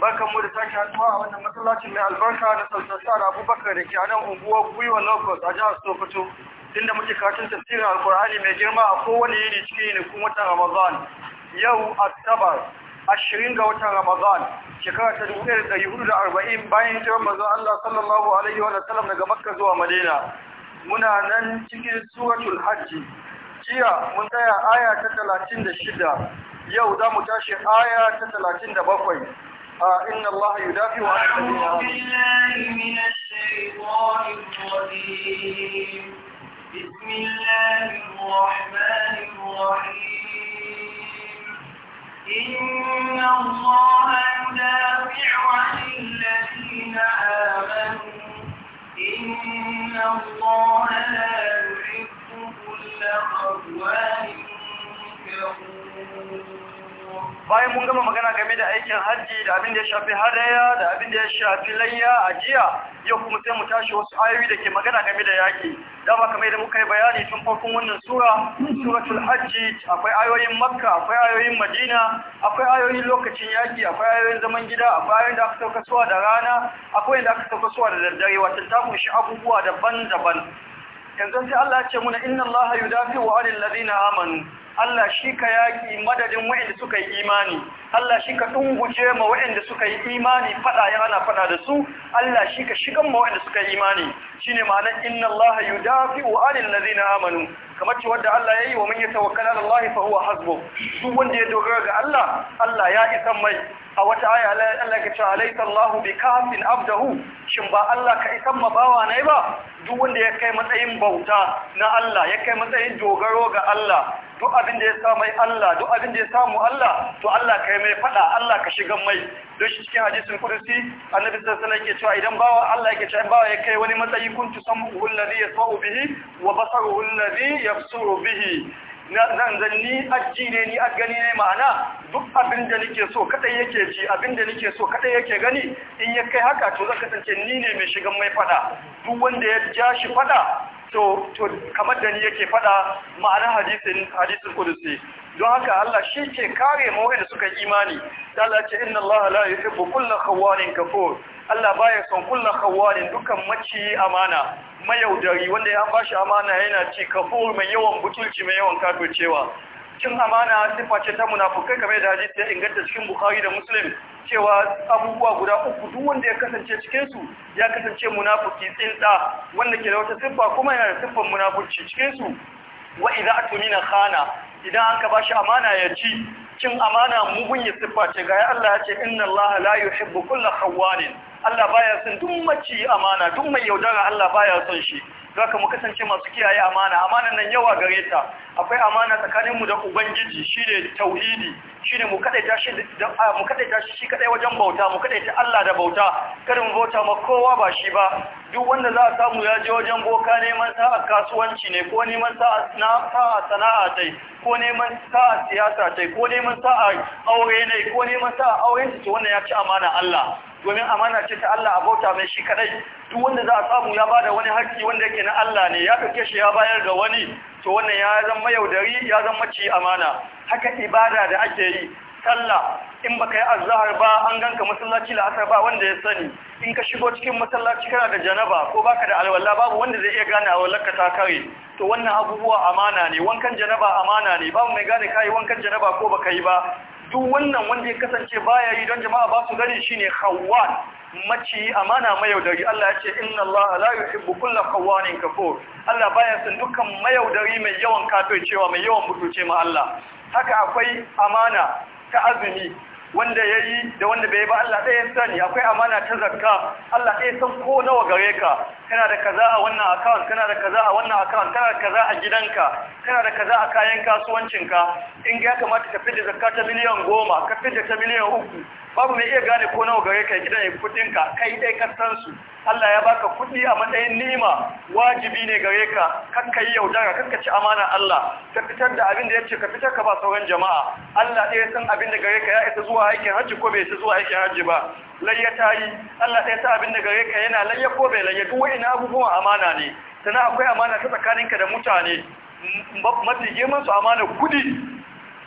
barkan mu da sake haduwa a wannan masallacin mai albarka na da Abubakar da ke a nan unguwar Gwiwa Lagos a jihar Sokoto inda muke karatun tafsirin Alkur'ani mai girma a kowane yini cikin yinikun watan Ramadan yau Asabar ashirin ga watan Ramadan shekara ta dubu ɗaya da yuhudu da arba'in bayan jiran manzo Allah sallallahu alaihi wa sallam daga Makka zuwa Madina muna nan cikin suratul hajji jiya mun tsaya aya ta talatin da shida yau za mu tashi aya ta talatin da bakwai آه، إن الله يدافع عن الذين آمنوا بالله من الشيطان الرجيم بسم الله الرحمن الرحيم إن الله يدافع عن الذين آمنوا إن الله لا يحب كل خوان كفور bayan mun gama magana game da aikin hajji da abin da ya shafi hadaya da abin da ya shafi layya a jiya yau kuma sai mu tashi wasu ayoyi da ke magana game da yaki dama kamar da muka yi bayani tun farkon wannan sura suratul hajji akwai ayoyin makka akwai ayoyin madina akwai ayoyin lokacin yaƙi, akwai ayoyin zaman gida akwai ayoyin da aka sauka suwa da rana akwai da aka sauka suwa da daddare wato ta kunshi abubuwa daban-daban yanzu sai Allah ya ce muna inna Allah yudafi wa alil ladina amanu Allah shi ka yaƙi madadin waɗanda suka yi imani Allah shi ka ɗunguje ma waɗanda suka yi imani faɗa ya ana faɗa da su Allah shi ka shigan ma waɗanda suka yi imani shine ma'anar inna Allah yudafi'u na zina amanu kamar ce wadda Allah ya yi wa mun ya tawakkala ala Allah fa huwa hasbu duk wanda ya dogara ga Allah Allah ya isa mai a wata aya Allah ya ce alaysa Allah bi kafin abdahu shin ba Allah ka isa ma bawa ba duk wanda ya kai matsayin bauta na Allah ya kai matsayin dogaro ga Allah duk abin da ya sa Allah duk abin da ya samu Allah to Allah ka yi mai fada Allah ka shiga mai don shi cikin hadisin kudusi annabi sallallahu alaihi yake cewa idan bawa Allah yake cewa bawa ya kai wani matsayi kuntu samu alladhi yasau bihi wa basaruhu alladhi yabsuru bihi nan zan ni aji ne ni gani ne ma'ana duk abin da nake so kadai yake ji abin da nake so kadai yake gani in ya kai haka to zan kasance ni ne mai shigan mai fada duk wanda ya ja shi fada to to kamar da ni yake fada ma'anar hadisin hadisin kudusi don haka Allah shi ke kare mu da suka yi imani Allah ce inna Allah la yuhibbu kull khawarin kafur Allah baya son kulla khawarin dukan maci amana mayaudari wanda ya bashi amana yana ci kafur mai yawan butulci mai yawan kafircewa cin amana sifa ce ta munafukai game da hadisi ya inganta cikin Bukhari da Muslim cewa abubuwa guda uku duk wanda ya kasance cikin ya kasance munafiki tsinta wanda ke da wata siffa kuma yana da siffar munafurci cikin su wa idza atmina khana idan aka ba shi amana ya ci cin amana mugun ya siffa ce ga ya Allah ya ce inna Allah la yuhibbu kulla khawanin Allah baya son duk mace amana duk mai yaudara Allah baya son shi zaka mu kasance masu kiyaye amana amanan nan yawa gare ta akwai amana tsakanin mu da ubangiji shine tauhidi shine mu kaɗai shi shi kadai wajen bauta mu ta Allah da bauta kada mu bauta ma kowa ba shi ba duk wanda za a samu ya je wajen boka neman sa'a kasuwanci ne ko neman sa'a sana'a sana'a ko neman sa'a siyasa ce ko neman sa'a aure ne ko neman sa'a ne ce wannan ya ci amana Allah domin amana ce ta Allah a bauta mai shi kadai duk wanda za a samu ya bada wani haƙƙi wanda yake na Allah ne ya kake shi ya bayar ga wani to wannan ya zama yaudari ya zama ci amana haka ibada da ake yi sallah in baka yi azahar ba an ganka masallaci la'asar ba wanda ya sani in ka shigo cikin masallaci kana da janaba ko baka da alwala babu wanda zai iya gane a walakka ta kare to wannan abubuwa amana ne wankan janaba amana ne babu mai gane kai wankan janaba ko baka yi ba duk wannan wanda ya kasance baya yi don jama'a ba su gani shine khawwan maci amana mayaudari Allah ya ce inna Allah la yuhibbu kulla khawwanin kafur Allah baya son dukkan mayaudari mai yawan katoicewa mai yawan mutuce ma Allah haka akwai amana ta azumi wanda ya yi da wanda bai ba Allah ɗaya sani akwai amana ta zakka Allah ɗaya san ko nawa gare ka kana da kaza a wannan account kana da kaza a wannan account kana da kaza a gidanka kana da kaza a kayan kasuwancinka in ga kamata ka da zakka ta miliyan goma ka da ta miliyan uku babu mai iya gane ko nawa gare ka gidan ya kudin ka kai dai san su Allah ya baka kudi a matsayin ni'ima wajibi ne gare ka kanka yi yaudara kakka ci amana Allah ka fitar da abin da yace ka fitar ka ba sauran jama'a Allah ɗaya san abin da gare ka ya isa zuwa aikin hajji ko bai isa zuwa aikin hajji ba layya yi, Allah ɗaya san abin da gare ka yana layya ko bai layya duk wa'ina abubuwan amana ne sannan akwai amana ta tsakaninka da mutane mafi girman su amana kudi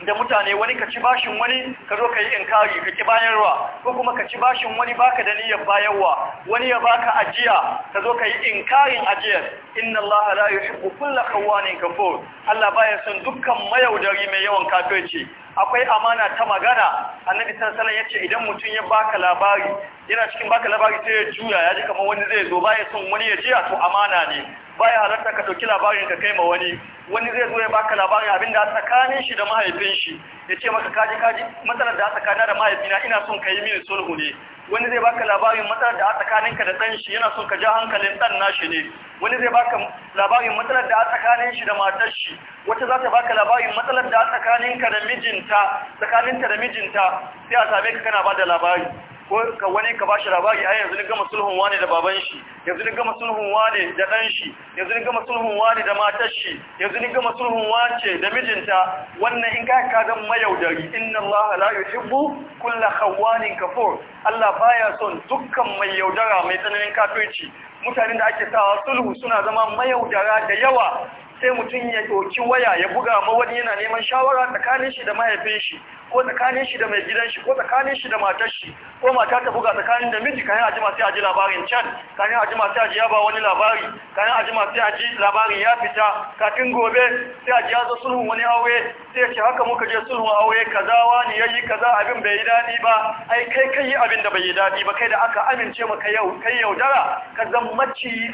da mutane wani ka ci bashin wani ka zo ka yi inkari ka ki bayarwa ko kuma ka ci bashin wani baka da niyyar bayarwa wani ya baka ajiya ka zo ka yi inkarin ajiyar inna Allah la yuhibbu kulla khawanin kafur Allah baya son dukkan mayaudari mai yawan kafirci akwai amana ta magana annabi sallallahu alaihi yace idan mutum ya baka labari yana cikin baka labari sai ya juya ya ji kamar wani zai zo baya son wani ya jiya to amana ne baya halarta ka dauki labarin ka kai ma wani wani zai zo ya baka labarin abin da tsakanin shi da mahaifin shi ya ce maka kaji kaji matsalar da a tsakanin da mahaifina ina son ka yi mini sulhu ne wani zai baka labarin matsalar da a tsakanin ka da dan shi yana son ka ja hankalin dan nashi ne wani zai baka labarin matsalar da a tsakanin shi da matar shi wata za ta baka labarin matsalar da a tsakanin ka da mijinta tsakanin ta da mijinta sai a same ka kana ba da labari Ko ka wani ka bashi labari A yanzu ni gama sulhun wani da baban shi yanzu ni gama sulhun wani da dan shi yanzu ni gama sulhun wani da matar shi yanzu ni gama sulhun wace da mijinta wannan in ka ka ga mayaudari inna Allah la yuhibbu kull khawanin kafur Allah baya son dukkan mai yaudara mai tsananin kafirci mutanen da ake sawa sulhu suna zama mayaudara da yawa sai mutum ya ɗauki waya ya buga ma wani yana neman shawara tsakanin shi da mahaifin shi ko tsakanin shi da mai gidan shi ko tsakanin shi da matar shi ko mata ta buga tsakanin da miji kayan ajima sai aji labarin chat kayan ajima sai aji yaba wani labari kayan ajima sai aji labarin ya fita kafin gobe sai aji ya zo sulhun wani aure sai ce haka muka je sulhun aure kaza wani yayi kaza abin bai yi dadi ba ai kai kai yi abin da bai yi dadi ba kai da aka amince maka yau kai yaudara ka zama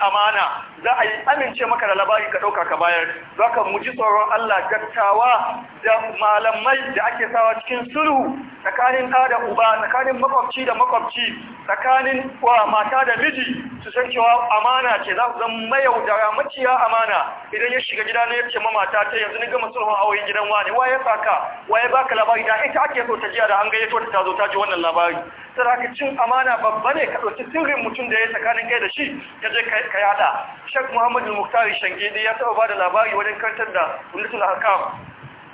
amana za a yi amince maka da labari ka dauka ka bayar zaka muji muji tsoron Allah gattawa da malamai da ake sawa cikin sulhu tsakanin da da uba tsakanin makwabci makwabci da makwabci tsakanin wa mata da miji su san cewa amana ce za su zan mayaudara maciya amana idan ya shiga gida na ya ce mamata ta yanzu ni gama sulhun auren gidan wani wa ya saka wa ya baka labari da ita ake so ta jiya da an gayyato ta zo ta ji wannan labari ka cin amana babba ne ka ɗauki sirrin mutum da ya tsakanin kai da shi ka je ka yada Muhammad muhammadu muktari shangidi ya taba bada labari wajen kantar da wulatul hakam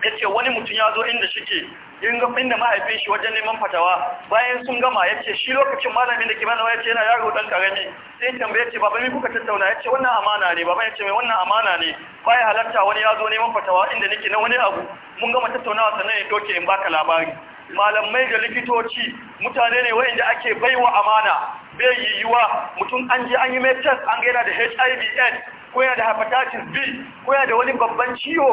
ya ce wani mutum ya zo inda shike yin ga inda mahaifin shi wajen neman fatawa bayan sun gama ya ce shi lokacin malamin da ke mana ya ce yana yaro dan karami sai tambaye ce baba mi kuka tattauna ya ce wannan amana ne baba ya ce mai wannan amana ne baya halarta wani ya zo neman fatawa inda nake na wani abu mun gama tattaunawa sannan ya doke in baka labari malamai da likitoci mutane ne wa'inda ake baiwa amana bai yiwuwa mutum an je an yi mai test an yana da HIV AIDS ko yana da hepatitis B ko yana da wani babban ciwo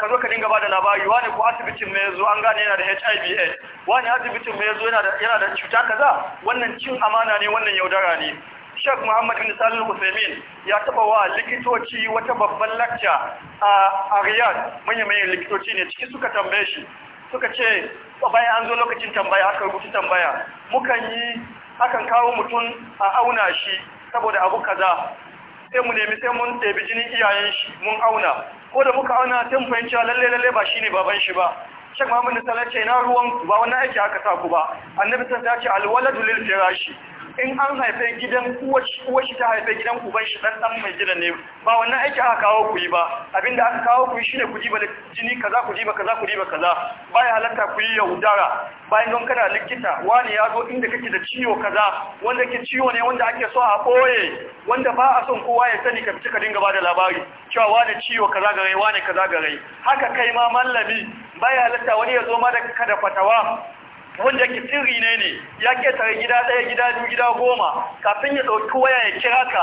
ka zo ka dinga ba da labari wani ko asibitin mai yazo an gane yana da HIV wani asibitin mai yazo yana da yana da cuta kaza wannan cin amana ne wannan yaudara ne Sheikh Muhammad bin Salih Al-Uthaymeen ya taba wa likitoci wata babban lakca a Riyadh manyan manyan likitoci ne ciki suka tambaye shi suka ce bayan an zo lokacin tambaya aka rubuta tambaya mukan yi akan kawo mutum a auna shi saboda abu kaza sai mu nemi sai mun tebi jinin iyayen shi mun auna ko da muka auna sai mu fahimci lalle lalle ba shine baban shi ba shek Muhammad Sallallahu alaihi wasallam ce na ruwan ba wannan aiki aka sa ku ba Annabi sallallahu alaihi wasallam ya ce alwaladu lil firashi in an haife gidan uwar shi ta haife gidan uban shi dan dan mai gida ne ba wannan aiki aka kawo ku yi ba abinda aka kawo ku yi shine ku jiba jini kaza ku jiba kaza ku jiba kaza ya halatta ku yi yaudara bayan don kana likita wani ya zo inda kake da ciwo kaza wanda ke ciwo ne wanda ake so a boye wanda ba a son kowa ya sani ka fita ka dinga bada labari cewa wani ciwo kaza gare wani kaza gare haka kai ma mallami baya halatta wani ya zo ma da kada fatawa wanda yake sirri ne ne ya ketare gida ɗaya gida biyu gida goma kafin ya ɗauki waya ya kira ka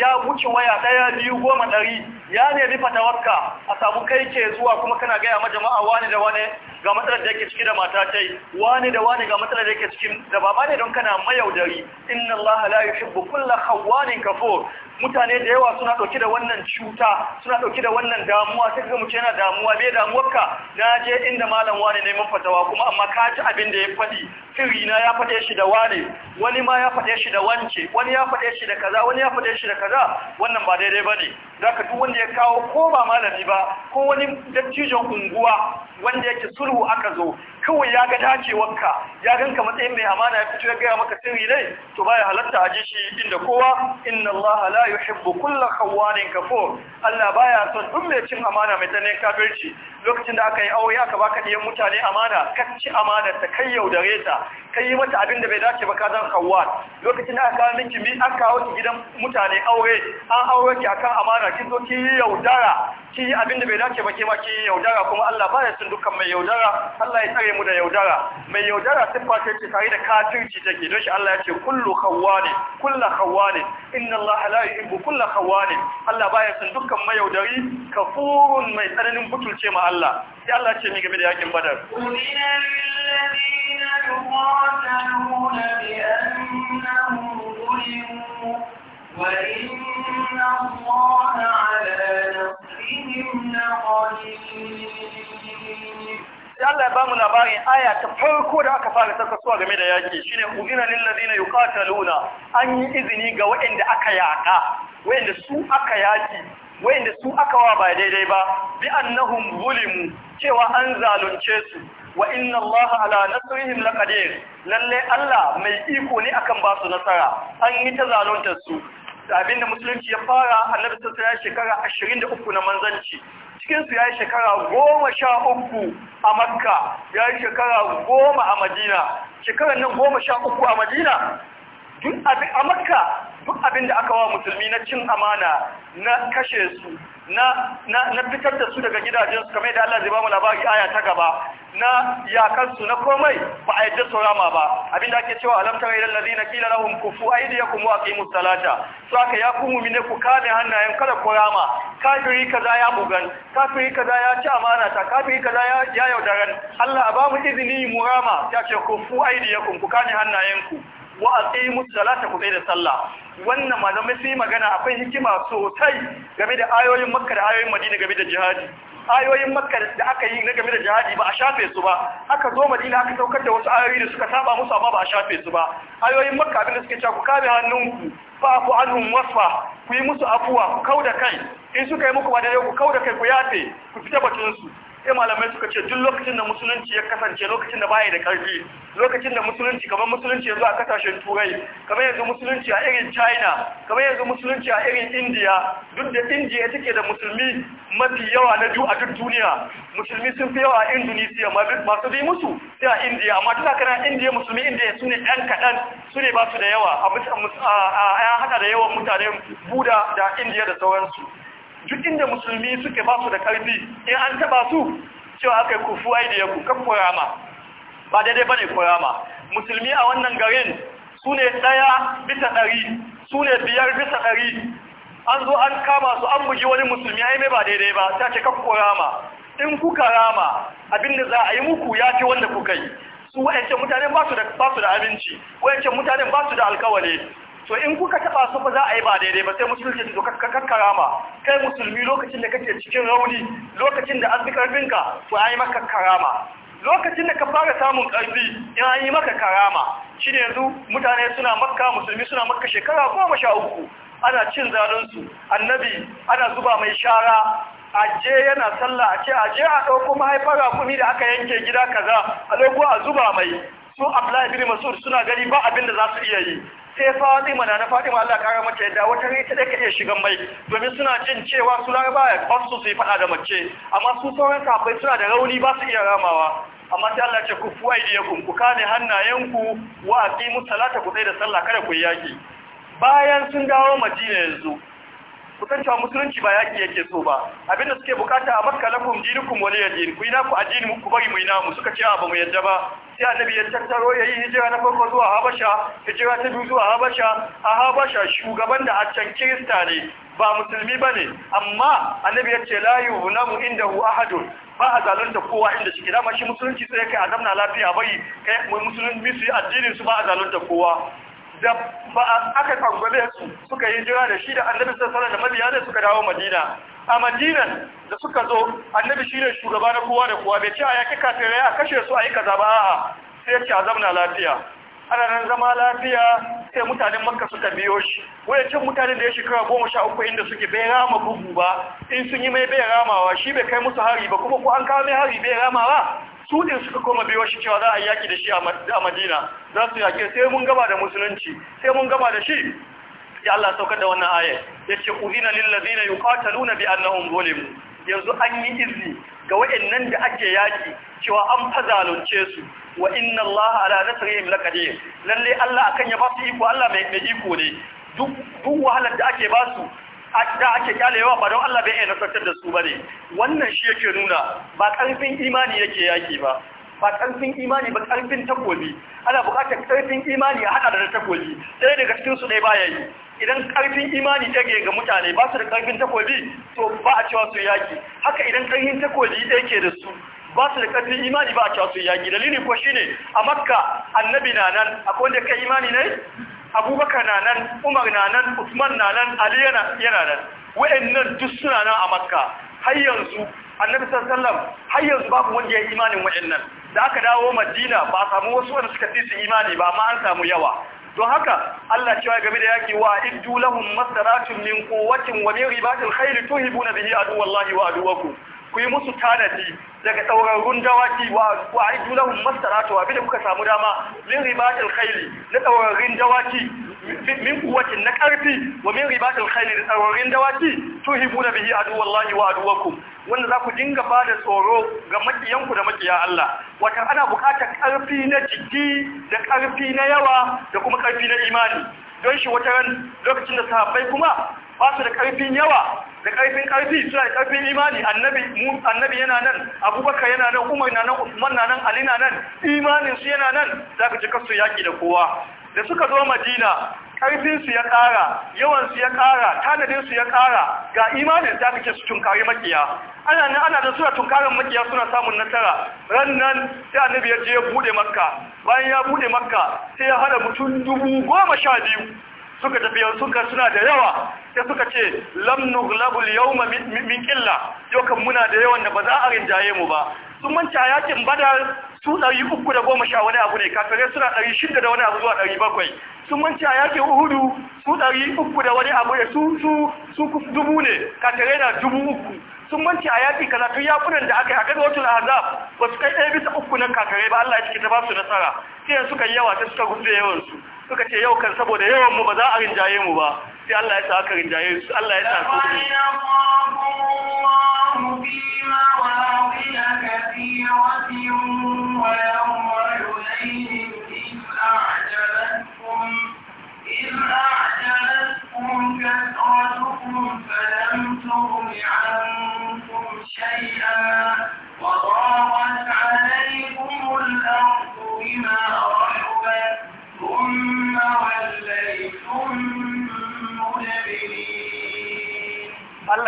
ya wuce waya ɗaya biyu goma ɗari ya nemi fatawarka a samu kai ke zuwa kuma kana gaya ma jama'a wani da wani ga matsalar da yake ciki da mata ta yi. wani da wani ga matsalar da yake cikin, da baba ne don kana mayaudari inna allaha la yuhibbu kulla khawanin kafur mutane da yawa suna dauke da wannan cuta suna dauke da wannan damuwa sai ga muke yana damuwa me damuwarka na je inda malam wani ne mun fatawa kuma amma ka ji abin da ya faɗi firina ya faɗe shi da wani, wani ma ya faɗe shi da wance wani ya faɗe shi da kaza wani ya faɗe shi da kaza wannan ba daidai bane zaka duk wanda ya kawo ko ba malami ba ko wani dattijon unguwa wanda yake sul sulhu aka kawai ya ga dacewarka ya ganka matsayin mai amana ya fito ya gaya maka sirri ne to baya halatta a ji shi inda kowa inna Allah la yuhibbu kulla khawanin kafur Allah baya son duk mai cin amana mai tsanin kafirci lokacin da aka yi aure aka baka diyan mutane amana ci amana ta kai yaudare ta kai yi mata abin da bai dace ba ka zan khawan lokacin da aka kawo miki bi aka kawo ki gidan mutane aure an aure ki akan amana kin zo ki yaudara ki yi abin da bai dace ba ke ma ki yaudara kuma Allah baya son dukkan mai yaudara Allah ya tsare mu da yaudara mai yaudara siffa ce ce tare da kafirci take don shi Allah ya ce kullu khawwani kullu khawwani inna Allah la yuhibbu kullu khawwani Allah baya son dukkan mayaudari kafurun mai tsananin butulce ma Allah sai Allah ce ni game da yakin badar وَإِنَّ اللَّهَ عَلَى نَصْرِهِمْ لَقَدِيرٌ sai Allah ya bamu labarin aya ta farko da aka fara suwa game da yaki shine uzina na ladina yuqataluna an yi izini ga waɗanda aka yaka waɗanda su aka yaki waɗanda su aka wa ba daidai ba bi annahum zulimu cewa an zalunce su wa inna Allah ala nasrihim laqadir lalle Allah mai iko ne akan ba su nasara an yi ta zaluntar su abin da musulunci ya fara annabi sassa ya shekara ashirin da uku na manzanci cikinsu ya yi shekara goma sha uku a makka ya yi shekara goma a madina shekarar nan goma sha uku a madina a makka duk abin da aka wa musulmi na cin amana na kashe su na fitar da su daga gidajensu kamar da Allah zai ba mu labari aya ta gaba na yakansu na komai ba a yadda rama ba Abinda ake cewa alam tara ilal ladina kila lahum kufu aydiyakum wa aqimus salata so aka ya ku mu'mine ku kame hannayen kada ku rama kafiri kaza ya bugan kafiri kaza ya ci amana ta kafiri kaza ya yaudaran Allah ba mu izini mu rama ya ce kufu aydiyakum ku kame hannayen ku wa aqimu salata ku da sallah wannan malamai sai magana akwai hikima sosai game da ayoyin Makka da ayoyin Madina game da jihadi ayoyin Makka da aka yi na game da jihadi ba a shafe su ba aka zo Madina aka saukar da wasu ayoyi da suka saba musu amma ba a shafe su ba ayoyin Makka abinda suke cewa ku kame hannunku fa ku anhum wasfa ku yi musu afuwa ku kauda kai in suka yi muku ba da ku kauda kai ku yafe ku fita bakin su sai malamai suka ce duk lokacin da musulunci ya kasance lokacin da baya da karfi lokacin da musulunci kamar musulunci yanzu a kasashen turai kamar yanzu musulunci a irin china kamar yanzu musulunci a irin india duk da india take da musulmi mafi yawa na duk a duk duniya musulmi sun fi yawa a indonesia masu bi musu sai a india amma tana kana india musulmi india su ne ɗan kaɗan su ne ba su da yawa a haɗa da yawan mutanen buda da india da sauransu duk inda musulmi suke ba su da karfi in an taba su cewa aka yi kufu ai da kan kurama ba daidai bane kurama musulmi a wannan garin su ne ɗaya bisa ɗari su ne biyar bisa ɗari an zo an kama su an bugi wani musulmi ai mai ba daidai ba ta ce kan kurama in kuka rama abin da za a yi muku ya ce wanda kuka yi su wa'ancan mutanen ba su da aminci wa'ancan mutanen ba su da alkawale to in kuka taba su ba za a yi ba daidai ba sai musulunci su kankara karama kai musulmi lokacin da kake cikin rauni lokacin da an bi karfinka to an yi maka karama lokacin da ka fara samun karfi in an yi maka karama shi ne yanzu mutane suna makka musulmi suna makka shekara goma sha uku ana cin zalunsu annabi ana zuba mai shara aje yana sallah a ce aje a ɗauko mahaifar rakumi da aka yanke gida kaza a ɗauko a zuba mai su abdullahi bin masud suna gani ba abin da za su iya yi sai Fatima na Fatima Allah kara mace yadda wata ne ta dake iya shigan mai domin suna jin cewa su Laraba a basu su yi fada da mace amma su sauran safai suna da rauni ba su iya ramawa amma sai Allah ce ku fuwai da ku kane hannayenku wa aqimu salata ku da sallah kada ku yaki bayan sun dawo Madina yanzu Ku san cewa musulunci ba yaki yake so ba abinda suke bukata a makka lakum dinukum waliya din ku ina ku addini ku bari mu ina mu suka ce ba mu yadda ba sai annabi ya tattaro ya yi hijira na farko zuwa habasha hijira ta biyu zuwa habasha a habasha shugaban da a can kirista ne ba musulmi ba ne amma annabi ya ce la yuhnamu indahu ahadun ba a zalunta kowa inda shi dama shi musulunci sai kai a zamna lafiya bai kai musulunci su yi addinin su ba a zalunta kowa da ba aka tsangwale su suka yi jira da shi da annabi sallallahu da mabiya da suka dawo madina a madinan da suka zo annabi shi ne shugaba na kowa da kowa bai ce a yaki kafirai a kashe su a yi kaza ba a sai ce a lafiya ana nan zama lafiya sai mutanen makka suka biyo shi cin mutanen da ya shekara goma sha uku inda suke bai rama bugu ba in sun yi mai bai ramawa shi bai kai musu hari ba kuma ko an kawo mai hari bai ramawa su din suka koma biyo shi cewa za a yaki da shi a Madina za su yake sai mun gaba da musulunci sai mun gaba da shi ya Allah saukar da wannan ayat ce udina lil ladina yuqataluna bi annahum zulimu yanzu an yi izini ga waɗannan da ake yaki cewa an fazalunce su wa inna Allah ala nasrihim laqadir lalle Allah akan ya ba su iko Allah mai iko ne duk wahalar da ake ba su da ake kyalewa ba don Allah bai iya nasartar da su ba ne wannan shi yake nuna ba ƙarfin imani yake yaki ba ba ƙarfin imani ba ƙarfin takobi ana buƙatar ƙarfin imani a haɗa da takobi sai daga cikin su ɗaya baya yi idan ƙarfin imani ɗage ga mutane ba su da ƙarfin takobi to ba a cewa su yaki haka idan ƙarfin takobi ɗaya ke da su ba su da ƙarfin imani ba a cewa su yaƙi dalili ko ne a makka annabi na nan akwai wanda kai imani ne abubakar na nan umar na nan usman na nan ali yana nan wa'annan duk suna nan a makka har yanzu annabi sallallahu har yanzu babu wanda ya yi imanin nan. da aka dawo madina ba a samu wasu wanda suka fi su imani ba amma an samu yawa don haka Allah cewa game da yaki wa iddu lahum masaratun min quwwatin wa min ribatil khayr tuhibuna bihi aduwallahi wa aduwakum ku yi musu tanadi daga ɗaurarrun dawaki wa wa aidu lahum abin da kuka samu dama min ribatul khayli na ɗaurarrun dawaki min kuwatin na ƙarfi wa min ribatul khayli da ɗaurarrun dawaki da bihi aduwallahi wa aduwakum wanda za ku dinga ba da tsoro ga makiyanku da makiya Allah wata ana buƙatar ƙarfi na jiki da ƙarfi na yawa da kuma ƙarfi na imani don shi wata ran lokacin da sahabbai kuma ba su da ƙarfin yawa da ƙarfin karfi suna da ƙarfin imani annabi yana nan abubakar yana nan umar na nan usman na nan ali na nan imaninsu yana nan za ka ci kasu yaƙi da kowa da suka zo madina ƙarfinsu ya ƙara yawansu ya tanadin su ya kara ga imanin za ka ce su tunkari makiya ana nan ana da suna tunkarin makiya suna samun nasara ran nan sai annabi ya je ya buɗe makka bayan ya bude makka sai ya hada mutum dubu goma sha biyu suka tafiya suka suna da yawa sai suka ce lamnu nughlabul yawma min killa yau kan muna da yawan da ba za a rinjaye mu ba sun manta yakin badar su ɗari uku da goma sha wani abu ne kafirai suna ɗari shida da wani abu zuwa ɗari bakwai sun manta yakin uhudu su ɗari uku da wani abu ne su su su dubu ne kafirai na dubu uku sun manta a yaƙi kaza tun yakunan da aka yi a gadwatul azab ba su kai ɗaya bisa uku na kafirai ba Allah ya cike ta ba su nasara sai suka yi yawa ta suka gudu yawan su suka ce yau kan saboda yawan mu ba za a rinjaye mu ba sai Allah ya sa aka rinjaye su Allah ya sa su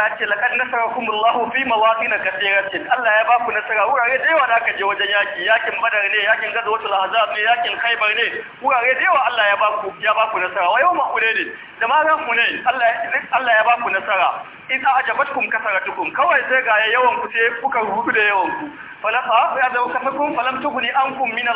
Allah ya ce laqad kuma Allah fi mawatin katiratin Allah ya ba ku nasara wurare da yawa da aka je wajen yaki yakin Badar ne yakin wata lahaza ne yakin Khaybar ne wurare da yawa Allah ya ba ku ya ba ku nasara wa da ma ran ne Allah Allah ya ba ku nasara in ajabatkum kasaratukum kawai sai ga yawan ku sai kuka rubu da yawan ku falafa ya zama kafakum falam tuguni ankum min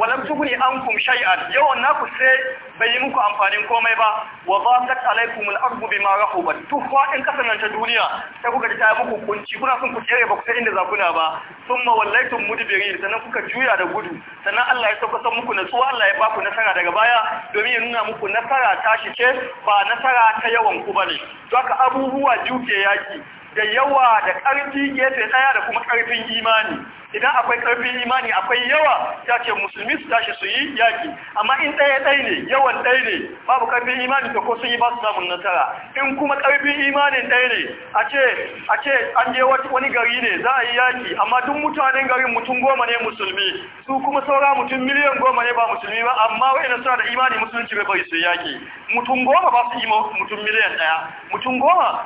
walam tughni ankum shay'an yawan naku sai bai yi muku amfanin komai ba wa zaqat alaykum al-ardu bima rahubat tufa in kasan ta duniya sai kuka ta muku kunci kuna son ku tsere ba ku sai inda za kuna ba thumma wallaytum mudbirin sannan kuka juya da gudu sannan Allah ya sauka muku natsuwa Allah ya baku nasara daga baya domin ya nuna muku nasara tashi ce ba nasara ta yawan ku bane to haka abubuwa juke yaki da yawa da ƙarfi gefe ɗaya da kuma ƙarfin imani idan akwai ƙarfin imani akwai yawa yace ce musulmi su tashi su yi yaƙi amma in ɗaya ɗaya ne yawan ɗaya ne babu ƙarfin imani ko sun yi ba su samun nasara in kuma ƙarfin imanin ɗaya ne a ce a ce an je wani gari ne za a yi yaƙi amma duk mutanen garin mutum goma ne musulmi su kuma saura mutum miliyan goma ne ba musulmi ba amma wa'ina suna da imani musulunci bai bari su yaƙi mutum goma ba su yi mutum miliyan ɗaya mutum goma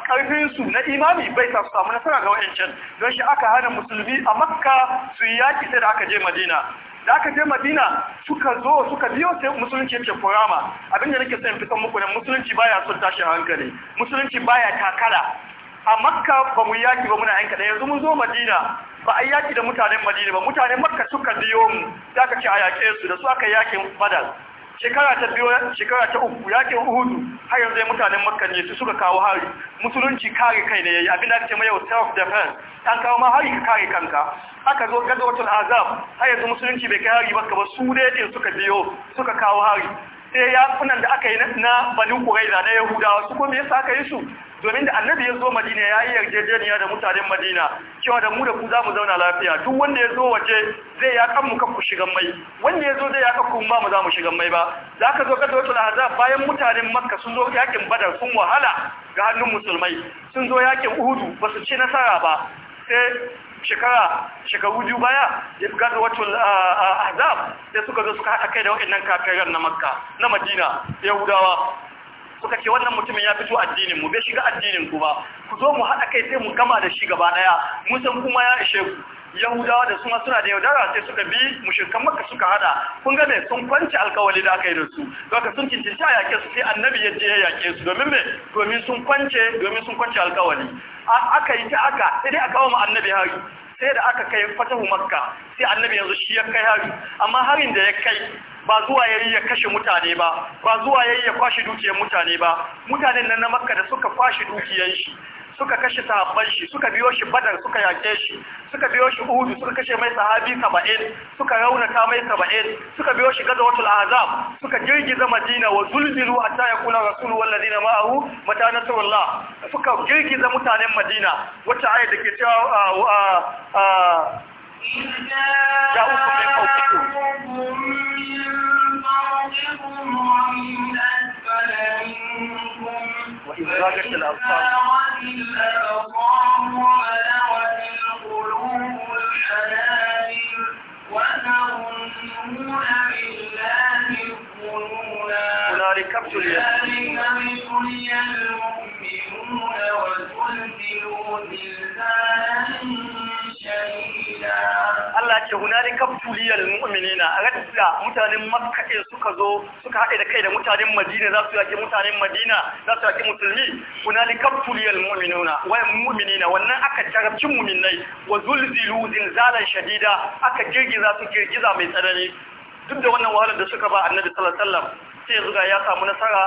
su na imani bai ta samu nasara ga wayancan don shi aka hana musulmi a makka su yi yaki sai da aka je madina da aka je madina suka zo suka biyo sai musulunci yake kurama abinda nake son fitan muku ne musulunci baya son tashi hankali musulunci baya takara a makka ba mu yaki ba muna yanka yanzu mun zo madina ba a yaki da mutanen madina ba mutanen makka suka biyo mu da aka ce a yaƙe su da su aka yakin badal shekara ta biyu shekara ta uku yakin uhudu har yanzu mutanen makka ne su suka kawo hari musulunci kare kai ne yayi abin da ake mai self defense an kawo ma hari ka kare kanka aka zo gadawatul azab har yanzu musulunci bai kai hari ba ba su dai suka biyo suka kawo hari sai kunan da aka yi na banu kuraiza na yahudawa su kuma yasa aka yi su domin da annabi ya zo madina ya yi yarjejeniya da mutanen madina cewa da mu da ku za mu zauna lafiya duk wanda ya zo waje zai ya kan mu kan ku shigan mai wanda ya zo zai ya kan ku ba mu za mu shigan mai ba za ka zo ka zo tula azab bayan mutanen makka sun zo yakin badar sun wahala ga hannun musulmai sun zo yakin uhudu ba su ci nasara ba sai shekara shekaru biyu baya ya fi gada wacin ahzab sai suka zo suka haɗa kai da waɗannan kafiran na makka na madina yahudawa suka ce wannan mutumin ya fito addinin mu bai shiga addinin ku ba ku zo mu haɗa kai sai mu gama da shi gaba ɗaya musan kuma ya ishe ku yahudawa da suma suna da yaudara sai suka bi mushirkan makka suka hada kun ga me sun kwanci alkawali da aka yi da su doka sun cincinci a yake su sai annabi ya je ya yake su domin me domin sun kwance domin sun kwance alkawali aka yi ta aka sai dai aka kawo annabi hari sai da aka kai fatahu makka sai annabi yanzu shi ya kai hari amma harin da ya kai ba zuwa yayi ya kashe mutane ba ba zuwa yayi ya kwashi dukiyar mutane ba mutanen nan na makka da suka kwashi dukiyar shi suka kashe sahabban shi suka biyo shi badar suka yake shi suka biyo shi uhudu suka kashe mai sahabi 70 suka raunata mai 70 suka biyo shi gazawatul azab suka girgiza madina wa zulzilu hatta yakuna rasulu ladina ma'ahu mata nasrullah suka girgiza mutanen madina wacce aya da ke cewa a a فوقكم وزاغت الأبصار وبلغت القلوب بالله الظنونا ذلك ابتلي المؤمنون وزلزلوا زلزالا شديدا Allah ce hunari kaftuliyar mu'minina a radda mutanen Makka suka zo suka haɗe da kai da mutanen Madina za su yaƙi mutanen Madina za su yaƙi musulmi hunari kaftuliyar mu'minuna wa mu'minina wannan aka tarabcin mu'minai wa zulzilu zilzalan shadida aka girgiza su girgiza mai tsanani duk da wannan wahalar da suka ba annabi sallallahu alaihi wasallam sai zuga ya samu nasara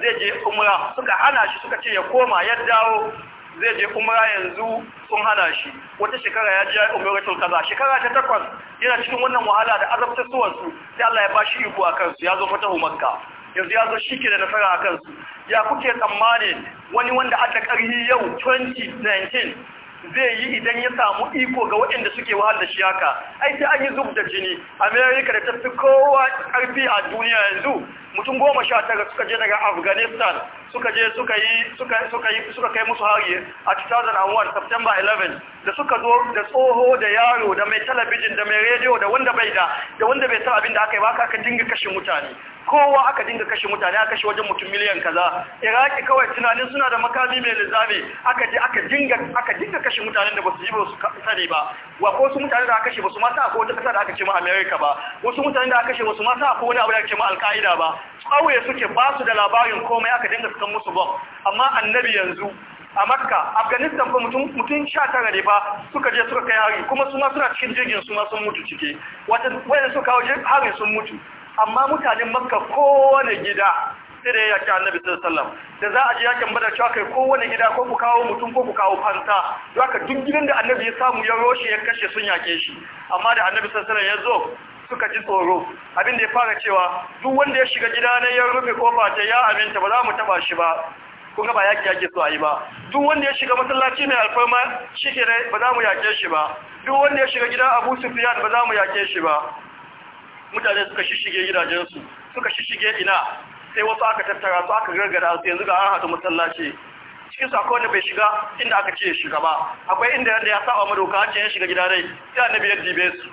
zai je umra suka hana shi suka ce ya koma ya dawo zai je umra yanzu sun hana shi wata shekara ya ji ya umratul kaza shekara ta takwas yana cikin wannan wahala da azabta suwansu, sai Allah ya ba shi iko a kansu ya zo fatahu makka yanzu ya zo shi ke da nasara a kansu ya kuke tsammanin wani wanda aka karhi yau 2019 zai yi idan ya samu iko ga waɗanda suke wahal da shi ai sai an yi zub da jini amerika da ta fi kowa ƙarfi a duniya yanzu mutum goma sha tara suka je daga afghanistan suka je suka yi suka kai musu hari a 2001 september 11 da suka zo da tsoho da yaro da mai talabijin da mai rediyo da wanda bai da da wanda bai san abin da aka yi ba aka dinga kashe mutane kowa aka dinga kashe mutane aka kashe wajen mutum miliyan kaza iraki kawai tunanin suna da makami mai lizami aka ji aka dinga aka dinga kashe mutanen da basu ji basu sani ba wa ko su mutane da aka kashe basu ma sa ko wata kasa da aka ce ma America ba wasu mutane da aka kashe basu ma sa ko wani abu da aka ce ma al ba kauye suke ba su da labarin komai aka dinga sukan musu bomb amma annabi yanzu a makka afghanistan ko mutum sha tara ne ba suka je suka kai hari kuma su ma suna cikin jirgin su ma sun mutu cike wata wanda suka kawo harin sun mutu amma mutanen makka kowane gida sai da ya yaki annabi sallallahu alaihi da za a je yakin bada cewa kai kowane gida ko ku kawo mutum ko ku kawo fanta ka duk gidan da annabi ya samu ya roshe ya kashe sun yake shi amma da annabi sallallahu alaihi ya zo suka ji tsoro abin da ya fara cewa duk wanda ya shiga gida ne ya rufe kofa ta ya aminta ba za mu taba shi ba kun ga ba yaki yake so a ba duk wanda ya shiga masallaci mai alfarma shi ke ba za mu yake shi ba duk wanda ya shiga gidan abu sufiyan ba za mu yake shi ba mutane suka shishige gidajensu suka shishige ina sai wasu aka tattara su aka gargada su yanzu ga an hatu masallaci cikin su akwai wanda bai shiga inda aka ce ya shiga ba akwai inda yadda ya saba madoka an ce ya shiga gida rai sai annabi ya dibe su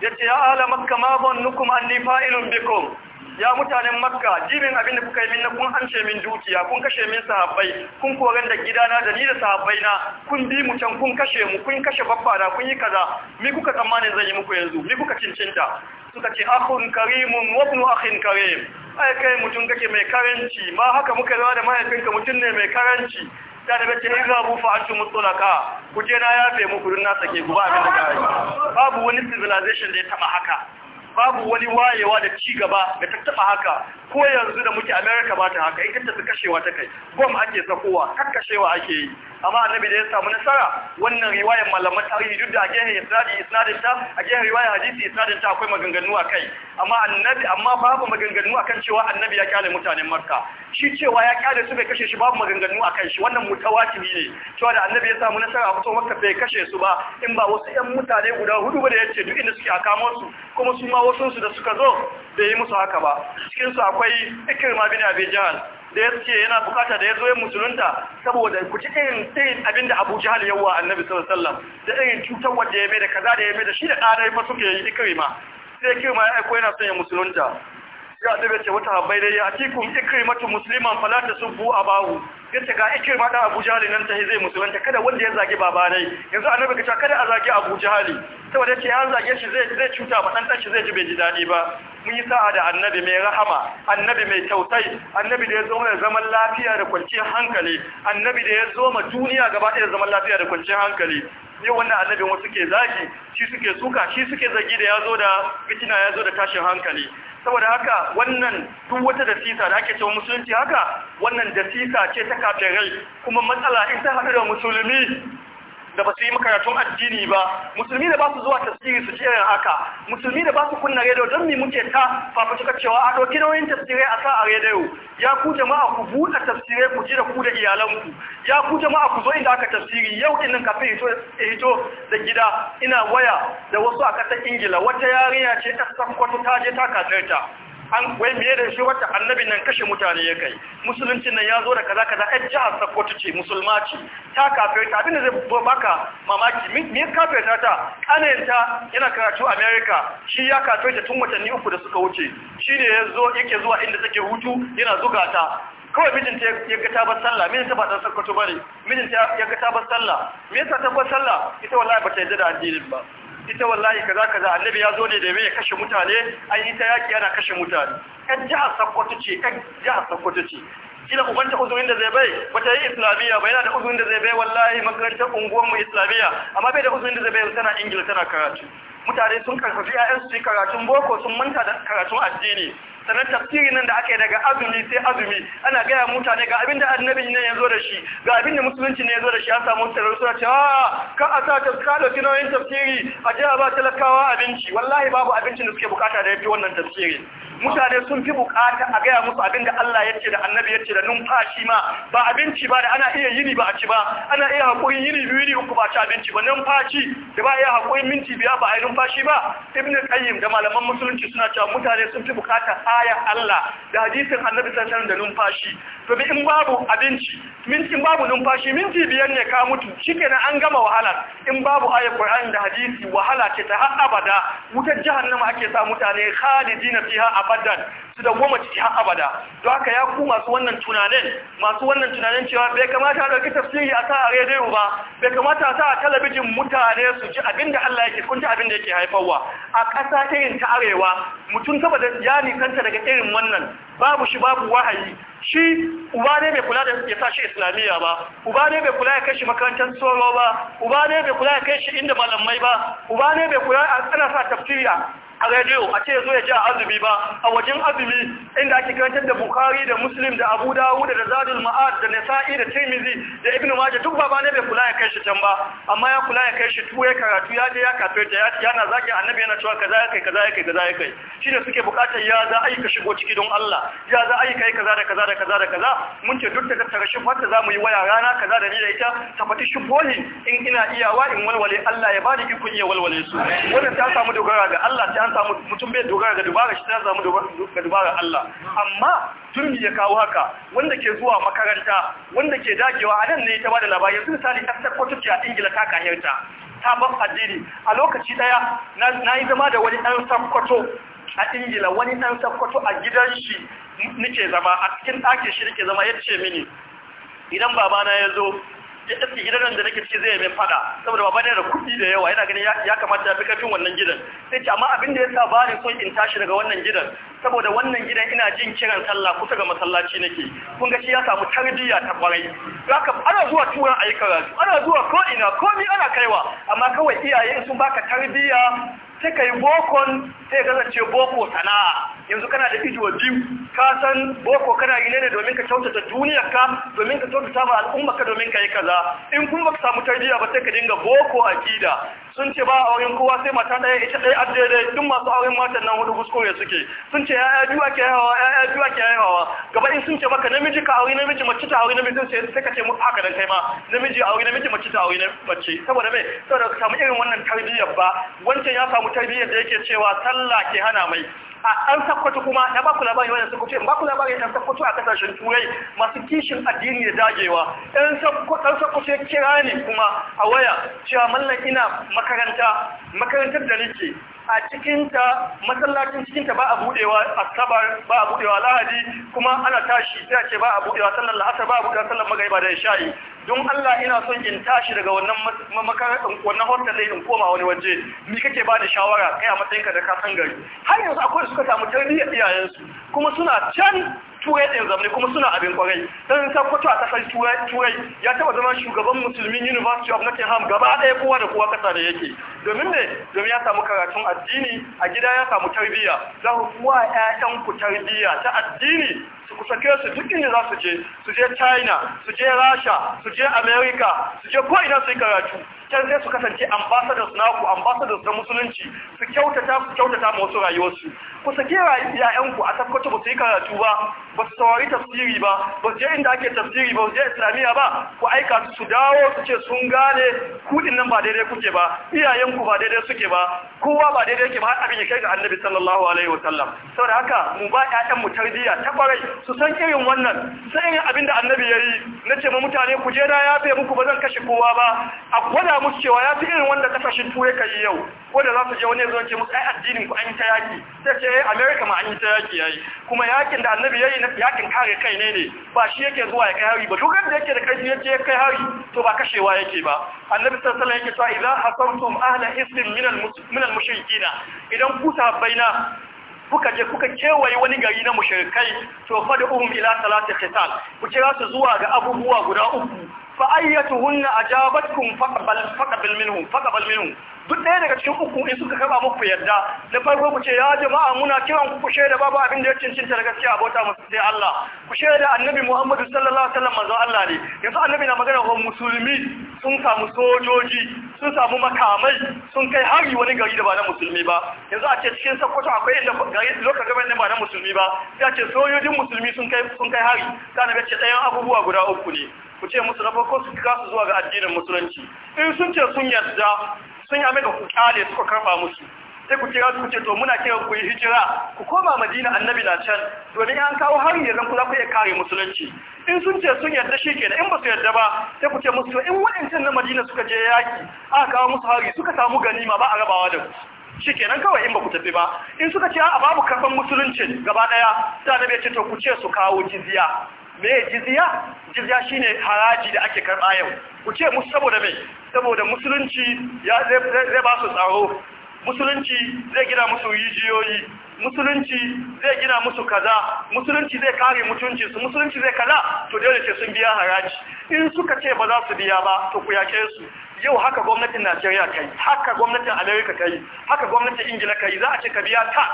ya ce ya ala ma ban nukum anni fa'ilun bikum ya mutanen makka jimin abin da kuka yi min na kun hance min dukiya kun kashe min sahabbai kun koren da gidana da ni da sahabbai na kun bi mu can kun kashe mu kun kashe babba na kun yi kaza me kuka tsammanin zan yi muku yanzu me kuka cincinta suka ce akhun karimun wa ibn akhin karim ai kai mutum kake mai karanci ma haka muka rawa da mahaifinka mutum ne mai karanci ta da bace in rabu fa antum mutulaka ku je na yafe muku dun na sake ku abin da kai babu wani civilization da ya taba haka babu wani wayewa da ci gaba da ta taba haka ko yanzu da muke America ba ta haka in kanta su kashewa ta kai bom ake sakowa kan kashewa ake yi amma annabi da ya samu nasara wannan riwayar malaman tarihi duk da a gehen isnadi isnadin ta a gehen riwayar hadisi isnadin ta akwai maganganu akai amma annabi amma babu maganganu akan cewa annabi ya kyale mutanen Makka shi cewa ya kyale su bai kashe shi babu maganganu akan shi wannan mutawatiri ne cewa da annabi ya samu nasara a fito Makka bai kashe su ba in ba wasu 'yan mutane guda hudu ba da yace duk inda suke a kamo su kuma su ma wasunsu da suka zo bai yi musu haka ba cikinsu akwai ikirma bin abi jahal da ya yana bukata da ya zo ya musulunta saboda ku ci irin abinda abin da Abu Jahal yawa Annabi sallallahu da irin cutar wanda ya mai da kaza da ya mai da shi da ɗanar fa suke yi Ikirma sai ikrima ya aiko yana son ya musulunta ya annabi ce wata habbai dai ya atikum ikrimatu musliman fala tasubbu abahu yace ga ikrima da Abu Jahal nan ta zai musulunta kada wanda ya zage baba dai yanzu annabi kace kada a zage Abu Jahal saboda yace ya zage shi zai zai cuta ba dan tashi zai ji bai ji dadi ba mun yi sa'a da annabi mai rahama annabi mai tautai annabi da ya zo mana zaman lafiya da kwanciyar hankali annabi da ya zo ma duniya gaba ɗaya zaman lafiya da kwanciyar hankali yau wannan annabin wasu ke zagi shi suke suka shi suke zagi da ya zo da fitina ya zo da tashin hankali saboda haka wannan duk wata dasisa da ake cewa musulunci haka wannan dasisa ce ta kafirai kuma matsala in ta haɗu da musulmi da ba su yi makaratun addini ba musulmi da ba su zuwa tasiri su ci irin haka musulmi da ba su kunna rediyo don mi muke ta fafutukar cewa a ɗauki nauyin tafsirai a sa a rediyo ya ku jama'a ku buɗe tafsirai ku ji da ku da iyalanku ya ku jama'a ku zo inda aka tafsiri yau din nan kafin hito da gida ina waya da wasu a ƙasar ingila wata yarinya ce ta sakwato ta je ta kasarta an wai miye da shi wata annabi nan kashe mutane ya kai musulunci nan ya zo da kaza kaza ai jihar sakkwato ce musulma ce ta abin abinda zai baka mamaki me kafirta ta kanenta yana karatu america shi ya ta tun watanni uku da suka wuce shi ne yake zuwa inda take hutu yana zuga ta kawai mijinta ya ga tabar sallah mijinta ba dan sakkwato bane mijinta ya ga tabar sallah me yasa tabar sallah ita wallahi ba ta yarda da addinin ba ita wallahi kaza kaza annabi ya zo ne da ya kashe mutane an yi ta yaki yana kashe mutane kan jiha sakkwato ce kan jiha sakkwato ce kila ku uzurin da zai bai bata yi islamiyya ba yana da uzurin da zai bai wallahi makarantar unguwar mu islamiyya amma bai da uzurin da zai bai tana ingila tana karatu mutane sun karfafi 'ya'yansu su karatun boko sun manta da karatun addini sannan tafsirin nan da aka yi daga azumi sai azumi ana gaya mutane ga abinda annabi ne ya zo da shi ga abinda musulunci ne ya zo da shi an samu tarar suna ce ah, kan a sa da yin tafsiri a jiha ba talakawa abinci wallahi babu abincin da suke bukata da ya fi wannan tafsiri mutane sun fi bukata a gaya musu abinda Allah ya ce da annabi ya ce da numfashi ma ba abinci ba da ana iya yini ba a ci ba ana iya haƙurin yini biyu yini uku ba ci abinci ba numfashi da ba iya haƙurin minti biya ba a yi numfashi ba ibn qayyim da malaman musulunci suna cewa mutane sun fi bukata ayar Allah da hadisin annabi sallallahu da numfashi to in babu abinci min in babu numfashi minti biyar ne ka mutu shikenan an gama wahala in babu ayar Qur'ani da hadisi wahala ce ta har abada wutar jahannama ake sa mutane khalidina fiha abadan su da goma ciki har abada to haka ya ku masu wannan tunanin masu wannan tunanin cewa bai kamata a dauki tafsiri a sa a rediyo ba bai kamata a sa a talabijin mutane su ji abinda Allah yake kunta abinda yake haifarwa a ƙasa yin ta arewa mutum saboda ya nisanta haka daga irin wannan babu shi babu wahayi shi uba ne bai kula da ya sa shi islamiyya ba uba ne bai kula ya kai shi makarantar tsoro ba uba ne bai kula ya kai shi inda malamai ba uba ne bai kula a tsana sa tafsiriya a rediyo a ce zo ya ji a azumi ba a wajen azumi inda ake karantar da bukari da muslim da abu dawud da zadul ma'ad da nasa'i da tirmizi da ibnu majah duk ba ne bai kula ya kai shi can ba amma ya kula ya kai shi tuwe karatu ya je ya kafeta, ya yana zaki annabi yana cewa kaza ya kai kaza ya kai kaza ya kai shine suke bukatar ya za aika shigo ciki don Allah ya za aika kai kaza da kaza da kaza da kaza mun ce duk da tattara shi za mu yi waya rana kaza da ni da ita ta shi boli in ina iyawa in walwale Allah ya bani ikon iya walwale su wannan ta samu dogara ga Allah ta samu mutum bai dogara ga dubara shi ta samu ga dubara Allah amma turmi ya kawo haka wanda ke zuwa makaranta wanda ke dagewa a nan ne ta bada labari yanzu misali ta kotu ce a ingila ta kahirta ta ban addini a lokaci daya na yi zama da wani ɗan sakkwato a ingila wani ɗan sakkwato a gidan shi nake zama a cikin ɗakin shi nike zama ya ce mini idan babana ya zo yace gidan da nake ciki zai mai fada saboda baba da kudi da yawa yana ganin ya kamata ya fi kafin wannan gidan sai ce amma abin da ya sa bani son in tashi daga wannan gidan saboda wannan gidan ina jin kiran sallah kusa ga masallaci nake kun ga shi ya samu tarbiyya ta kwarai haka ana zuwa tura ayi karatu ana zuwa ko ina komi ana kaiwa amma kawai iyaye sun baka tarbiyya sai kai bokon sai kasance boko sana'a yanzu kana da ido biyu ka san boko kana yi ne domin ka kyautata ka, domin ka kyautata al'umma ka, domin ka yi kaza in kuma ka samu tarbiyya ba sai ka dinga boko a akida sun ce ba auren kowa sai mata ɗaya ita ɗaya a daidai duk masu auren matan nan hudu kuskure suke sun ce ya'ya biyu ake yawa ya'ya biyu ake yawa gaba in sun ce maka namiji ka auri namiji mace ta auri namiji sai ka ce mu haka dan kai ma namiji auri namiji mace ta auri mace saboda me saboda ka samu irin wannan tarbiyyar ba wancan ya samu tarbiyyar da yake cewa sallah Allah ke hana mai a ɗan sakkwato kuma ya baku labari wajen sakkwato in baku labari ɗan sakkwato a kasashen turai masu kishin addini da dagewa ɗan sakkwato ya kira ne kuma a waya cewa mallan ina makaranta makarantar da nake a cikinta masallacin cikinta ba a budewa asabar ba a budewa lahadi kuma ana tashi sai ce ba a budewa sallar la'asar ba a budewa sallar ba da sha'i don Allah ina son in tashi daga wannan makarantar wannan hotel da in koma wani waje Mi kake ba da shawara kai a matsayinka da ka san gari har yanzu akwai suka samu tarbiyyar iyayensu kuma suna can turai ɗin zamani kuma suna abin kwarai ɗan sakwato a kasar turai ya taɓa zama shugaban musulmin university of nottingham gaba ɗaya kowa da kowa ƙasa da yake domin ne domin ya samu karatun addini a gida ya samu tarbiyya za ku kuwa ƴaƴan ku tarbiyya ta addini su kusa su duk inda za su je su je china su je rasha su je america su je ko ina su yi karatu can sai su kasance ambassadors ku ambassadors na musulunci su kyautata su kyautata ma wasu rayuwarsu ku sake yayanku a tabbaci ba su yi karatu ba ba su saurari tafsiri ba ba su je inda ake tafsiri ba su je islamiyya ba ku aika su su dawo su ce sun gane kudin nan ba daidai kuke ba iyayenku ba daidai suke ba kowa ba daidai yake ba har abin ya kai ga annabi sallallahu alaihi wa sallam saboda haka mu ba ƴaƴan mu tarbiyya ta kwarai su san irin wannan sai irin abin da annabi na ce ma mutane ku je na yafe muku ba zan kashe kowa ba a gwada musu cewa ya fi irin wanda kasashen turai yi yau ko da za su je wani zuwa ce musu ai addinin ku an yi ta yaki sai ce eh Amerika ma an yi ta yaki yayi kuma yakin da annabi yayi yakin kare kai ne ne ba shi yake zuwa ya kai hari ba duk da yake da kai yake ya kai hari to ba kashewa yake ba annabi sallallahu alaihi wasallam yake cewa idza hasamtum ahla islim min al-mushrikiina idan ku baina kuka je kuka kewaye wani gari na mushrikai to fad'uhum ila salati qital ku kira su zuwa ga abubuwa guda uku fa ayyatuhunna ajabatkum faqbal faqbal minhum faqbal minhum duk ɗaya daga cikin uku in suka kaba muku yadda na farko ku ce ya jama'a muna kiran ku kushe da babu abin da ya cincinta da gaskiya abota masu sai Allah Kushe da annabi Muhammadu sallallahu alaihi wasallam manzo Allah ne yanzu annabi na magana wa musulmi sun samu sojoji sun samu makamai sun kai hari wani gari da ba na musulmi ba yanzu a ce cikin sakkwato akwai inda gari lokacin gaban ne ba na musulmi ba sai a ce sojojin musulmi sun kai sun kai hari sai na ce ɗayan abubuwa guda uku ne ku ce musu na farko su kasu zuwa ga addinin musulunci in sun ce sun yarda sun yi amai da ku kyale suka karba musu sai ku kira ce to muna kiran ku yi hijira ku koma madina annabi na can domin an kawo hari ya zan ku ku iya kare musulunci in sun ce sun yarda shi da in ba su yarda ba sai ku ce musu in waancan na madina suka je yaki aka kawo musu hari suka samu gani ma ba a rabawa da ku shi kenan kawai in ba ku tafi ba in suka ce a babu karɓar musuluncin gaba ɗaya ta nabe ce to ku ce su kawo jizya me jizya jizya shine haraji da ake karba yau ku ce musu saboda me saboda musulunci ya zai ba su tsaro musulunci zai gina musu rijiyoyi musulunci zai gina musu kaza musulunci zai kare mutunci su musulunci zai kaza to dole ce sun biya haraji in suka ce ba za su biya ba to ku yake su yau haka gwamnatin Najeriya ta yi haka gwamnatin Amerika ta yi haka gwamnatin Ingila ta yi za a ce ka biya ta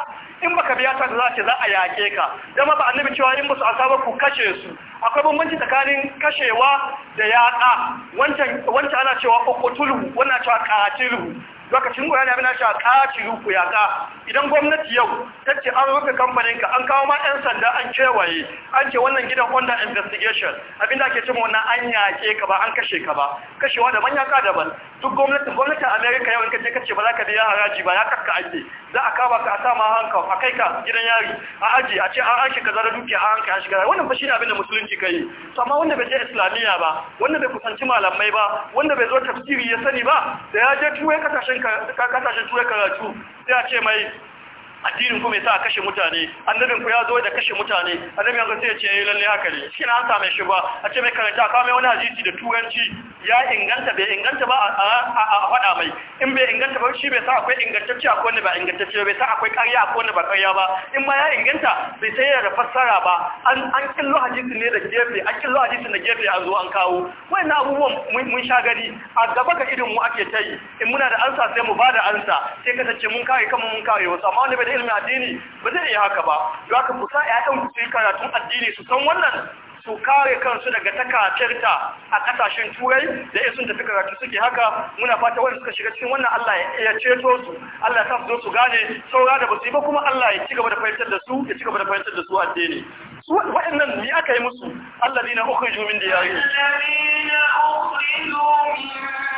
in baka biya ta za a ce za a yake ka dama ba annabi cewa in su asaba ku kashe su akwai bambanci tsakanin kashewa da yaƙa wancan wancan ana cewa uqtulu wannan cewa qatilu lokacin guda ne abin shi a ƙaci ya ka, idan gwamnati yau ta ce an rufe kamfanin ka an kawo ma 'yan sanda an kewaye an ce wannan gidan under investigation abinda ke cin wannan an yake ka ba an kashe ka ba kashewa da manya ka daban duk gwamnati a Amerika yau in ka ce ba za ka biya haraji ba ya kakka ake za a kawo ka a sa ma hanka a kai ka gidan yari a aji a ce an aiki kaza da dukiya a hanka an shiga wannan fa shine abin da musulunci ka yi to amma wanda bai je islamiyya ba wanda bai kusanci malamai ba wanda bai zo tafsiri ya sani ba da ya je tuwe kasashen kasashen turai karatu sai a ce mai addinin ku mai sa kashe mutane annabin ku ya zo da kashe mutane annabin ku sai ya ce eh, lalle haka ne shi na an same shi ba a ce mai karanta ka mai wani hadisi da turanci ya inganta bai inganta ba a faɗa mai in bai inganta ba shi bai sa akwai ingantacce a kowane ba ingantacce bai sa akwai ƙarya a kowane ba ƙarya ba in ma ya inganta bai sai da fassara ba an killo hadisi ne da gefe an killo hadisi da gefe an zo an kawo wannan abubuwan mun sha gani a gaba ga idon mu ake ta yi in muna da ansa sai mu ba da ansa sai kasance mun kare kanmu mun kare wasu amma wanda da ilmi addini ba zai iya haka ba don ka kusa ya ɗan kusa yi karatun addini su san wannan su kare kansu daga takatarta a kasashen turai da ya sun tafi karatu suke haka muna fata wani suka shiga cikin wannan Allah ya ceto su Allah ya sa su zo gane saura da basu yi ba kuma Allah ya ci gaba da fahimtar da su ya ci gaba da fahimtar da su addini su waɗannan ni aka yi musu allah ne na diyarihim alladina da min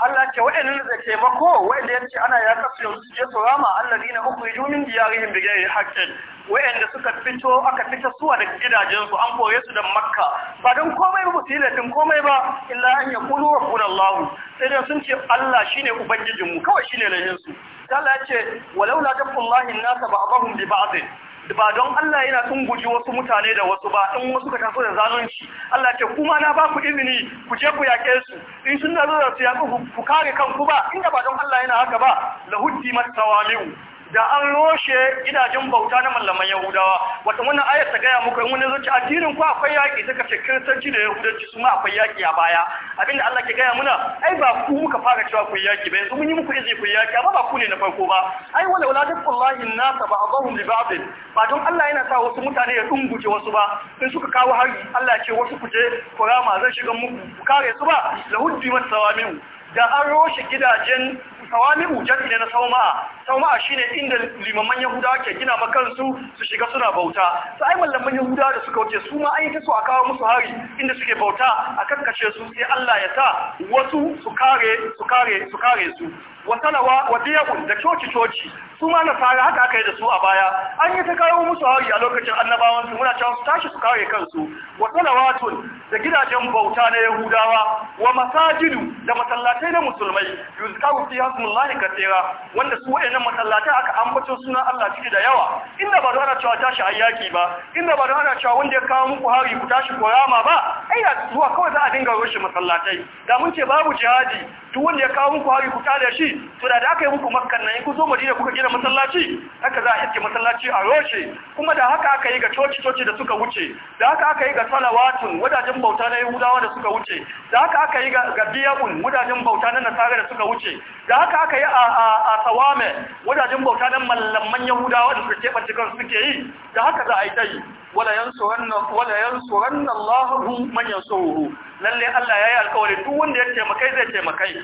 Allah ce waɗannan da taimako waɗanda ya ce ana yaƙa su yanzu je su rama allazi na uku yi diyarihim bi gairi haƙƙin waɗanda suka fito aka fita suwa da gidajensu an kore su da makka ba don komai ba tilatin komai ba illa an ya kulu wa kula Allah sai dai sun ce Allah shine ubangijinmu kawai shine lahinsu Allah ya ce walau la taqullahi an-nasa ba bi ba'd ba don Allah yana sun guji wasu mutane da wasu ba in wasu ka taso da zalunci Allah ce kuma na ba ku izini ku je ku yake su in sun zo da su yaku ku kare kanku ba inda ba don Allah yana haka ba lahudi hujji matawaliu da an roshe gidajen bauta na mallaman yahudawa wata wannan ayar ta gaya muku wani zuci addinin ku akwai yaƙi suka ce kiristanci da yahudanci su ma akwai yaki a baya abinda Allah ke gaya muna ai ba ku muka fara cewa ku yaƙi ba yanzu mun yi muku izi ku yaƙi amma ba ku ne na farko ba ai wala wala da kullahi ba ba'dhum li ba'd ba don Allah yana sa wasu mutane ya dunguje wasu ba in suka kawo hari Allah ya ce wasu ku je kurama zan shiga muku ku kare su ba la masawamin da an roshe gidajen sawami jami'i ne na sauma'a sauma'a shine inda limaman yahudawa ke gina ma kansu su shiga suna bauta sai mallaman yahuda da suka wuce su ma an yi ta so a kawo musu hari inda suke bauta a kashe su sai Allah ya sa wasu su kare su kare su kare su wasalawa wa da coci-coci su ma nasara haka aka yi da su a baya an yi ta kawo musu hauri a lokacin annabawansu muna cewa su tashi su kare kansu tun da gidajen bauta na yahudawa wa masajidu da masallatai na musulmai yuzkaru fi hasmullahi katira wanda su wayannan masallatai aka ambato suna Allah ciki da yawa inda ba ana cewa tashi ayyaki ba inda ba ana cewa wanda ya kawo muku hari ku tashi korama ba ai ya zuwa kawai za a dinga rushe masallatai da mun ce babu jihadi duk wanda ya kawo muku hari ku tada shi to da aka yi muku makkan nan ku zo madina kuka gina masallaci haka za a iske masallaci a roshe kuma da haka aka yi ga coci coci da suka wuce da haka aka yi ga salawatun wadajen bauta na yahudawa da suka wuce da haka aka yi ga biya'un wadajen bauta na nasara da suka wuce da haka aka yi a sawame wadajen bauta na mallaman yahudawa da suka keɓance kansu suke yi da haka za a yi ta yi wala wannan Allahu man yansuruhu lalle Allah yayi alƙawari duk wanda ya taimakai zai taimakai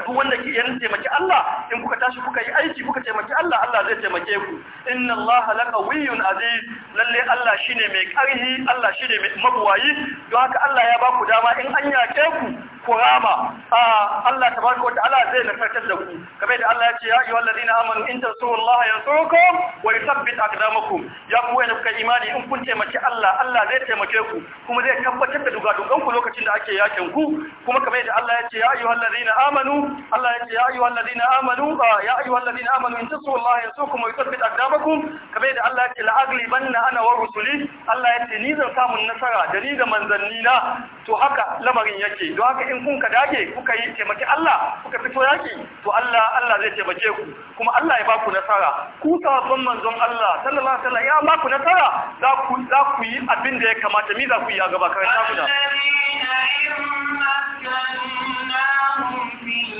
duk wanda ke yin taimaki Allah in kuka tashi kuka yi aiki kuka taimaki Allah Allah zai taimake ku inna Allah wiyun aziz lalle Allah shine mai karhi Allah shine mai mabuwayi don haka Allah ya ba ku dama in an yake ku ku rama ah, Allah tabaraka wa ta'ala zai nasartar da ku kamar da Allah ya ce ya ayyuhal ladina amanu in tansurullaha yansurukum wa yuthabbit aqdamakum ya ku wanda kuka imani in kun taimaki Allah Allah zai taimake ku kuma zai tabbatar da dugadugan ku lokacin da ake yakin ku kuma kamar da Allah ya ce ya ayyuhal ladina amanu Allah ya ce ya ayyuhal ladina amanu ya ayyuhal ladina amanu in tasullaha yasukum wa yuthabbit aqdamakum kabe da Allah ya ce la aglibanna ana wa rusuli Allah ya ce ni zan samu nasara da ni da manzanni na to haka lamarin yake don haka in kun ka dage kuka yi taimaki Allah kuka fito yaki to Allah Allah zai taimake ku kuma Allah ya baku ku nasara ku sabon manzon Allah sallallahu alaihi wasallam ya ba nasara za ku za ku yi abin da ya kamata ni za ku yi a gaba karanta ku da الذين إن مكناهم في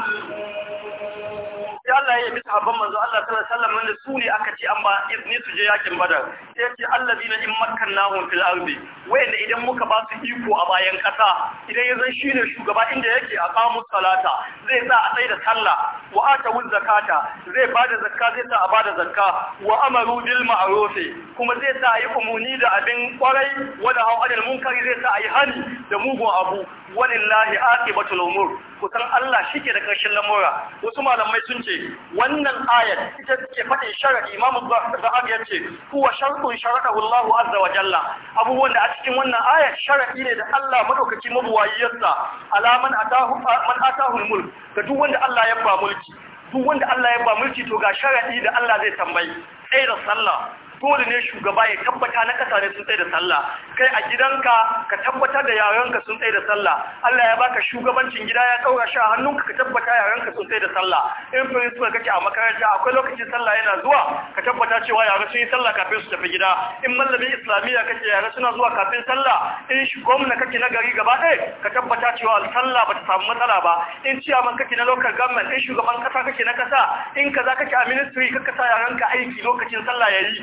sai Allah ya yi sahabban manzo Allah sallallahu alaihi wasallam wanda su ne aka ci an ba izini su je yakin badar sai ce allazina in makkannahum fil ardi wanda idan muka ba su iko a bayan kasa idan ya zan shine shugaba inda yake a kamu salata zai sa a tsaye da sallah wa atawuz zakata zai bada zakka zai sa a ba da zakka wa amaru bil ma'ruf kuma zai sa yi umuni da abin kwarai wanda hawa da munkari zai sa a yi hani da mugun abu walillahi aqibatul umur kusan Allah shike da karshen lamura wasu malamai sun ce wannan ayat ita ce fadin sharadi Imam Zahabi ya ce huwa shartun sharadahu Allah azza wa jalla abubuwan da a cikin wannan ayat sharadi ne da Allah madaukaki mabuwayiyarsa alaman atahu man atahu mulk ga duk wanda Allah ya ba mulki duk wanda Allah ya ba mulki to ga sharadi da Allah zai tambayi sai da sallah dole ne shugaba ya tabbata na kasa ne sun tsaye da sallah kai a gidanka ka tabbata da yayanka sun tsaye da sallah Allah ya baka shugabancin gida ya kaura shi a hannunka ka tabbata yayanka sun tsaye da sallah in principal kake a makaranta akwai lokacin sallah yana zuwa ka tabbata cewa yaren sun yi sallah kafin su tafi gida in mallamin islamiyya kake yaren suna zuwa kafin sallah in gwamna kake na gari gaba ɗaya ka tabbata cewa sallah ba ta samu matsala ba in ciyaman kake na local government in shugaban kasa kake na kasa in kaza kake a ministry ka yaren yaranka aiki lokacin sallah yayi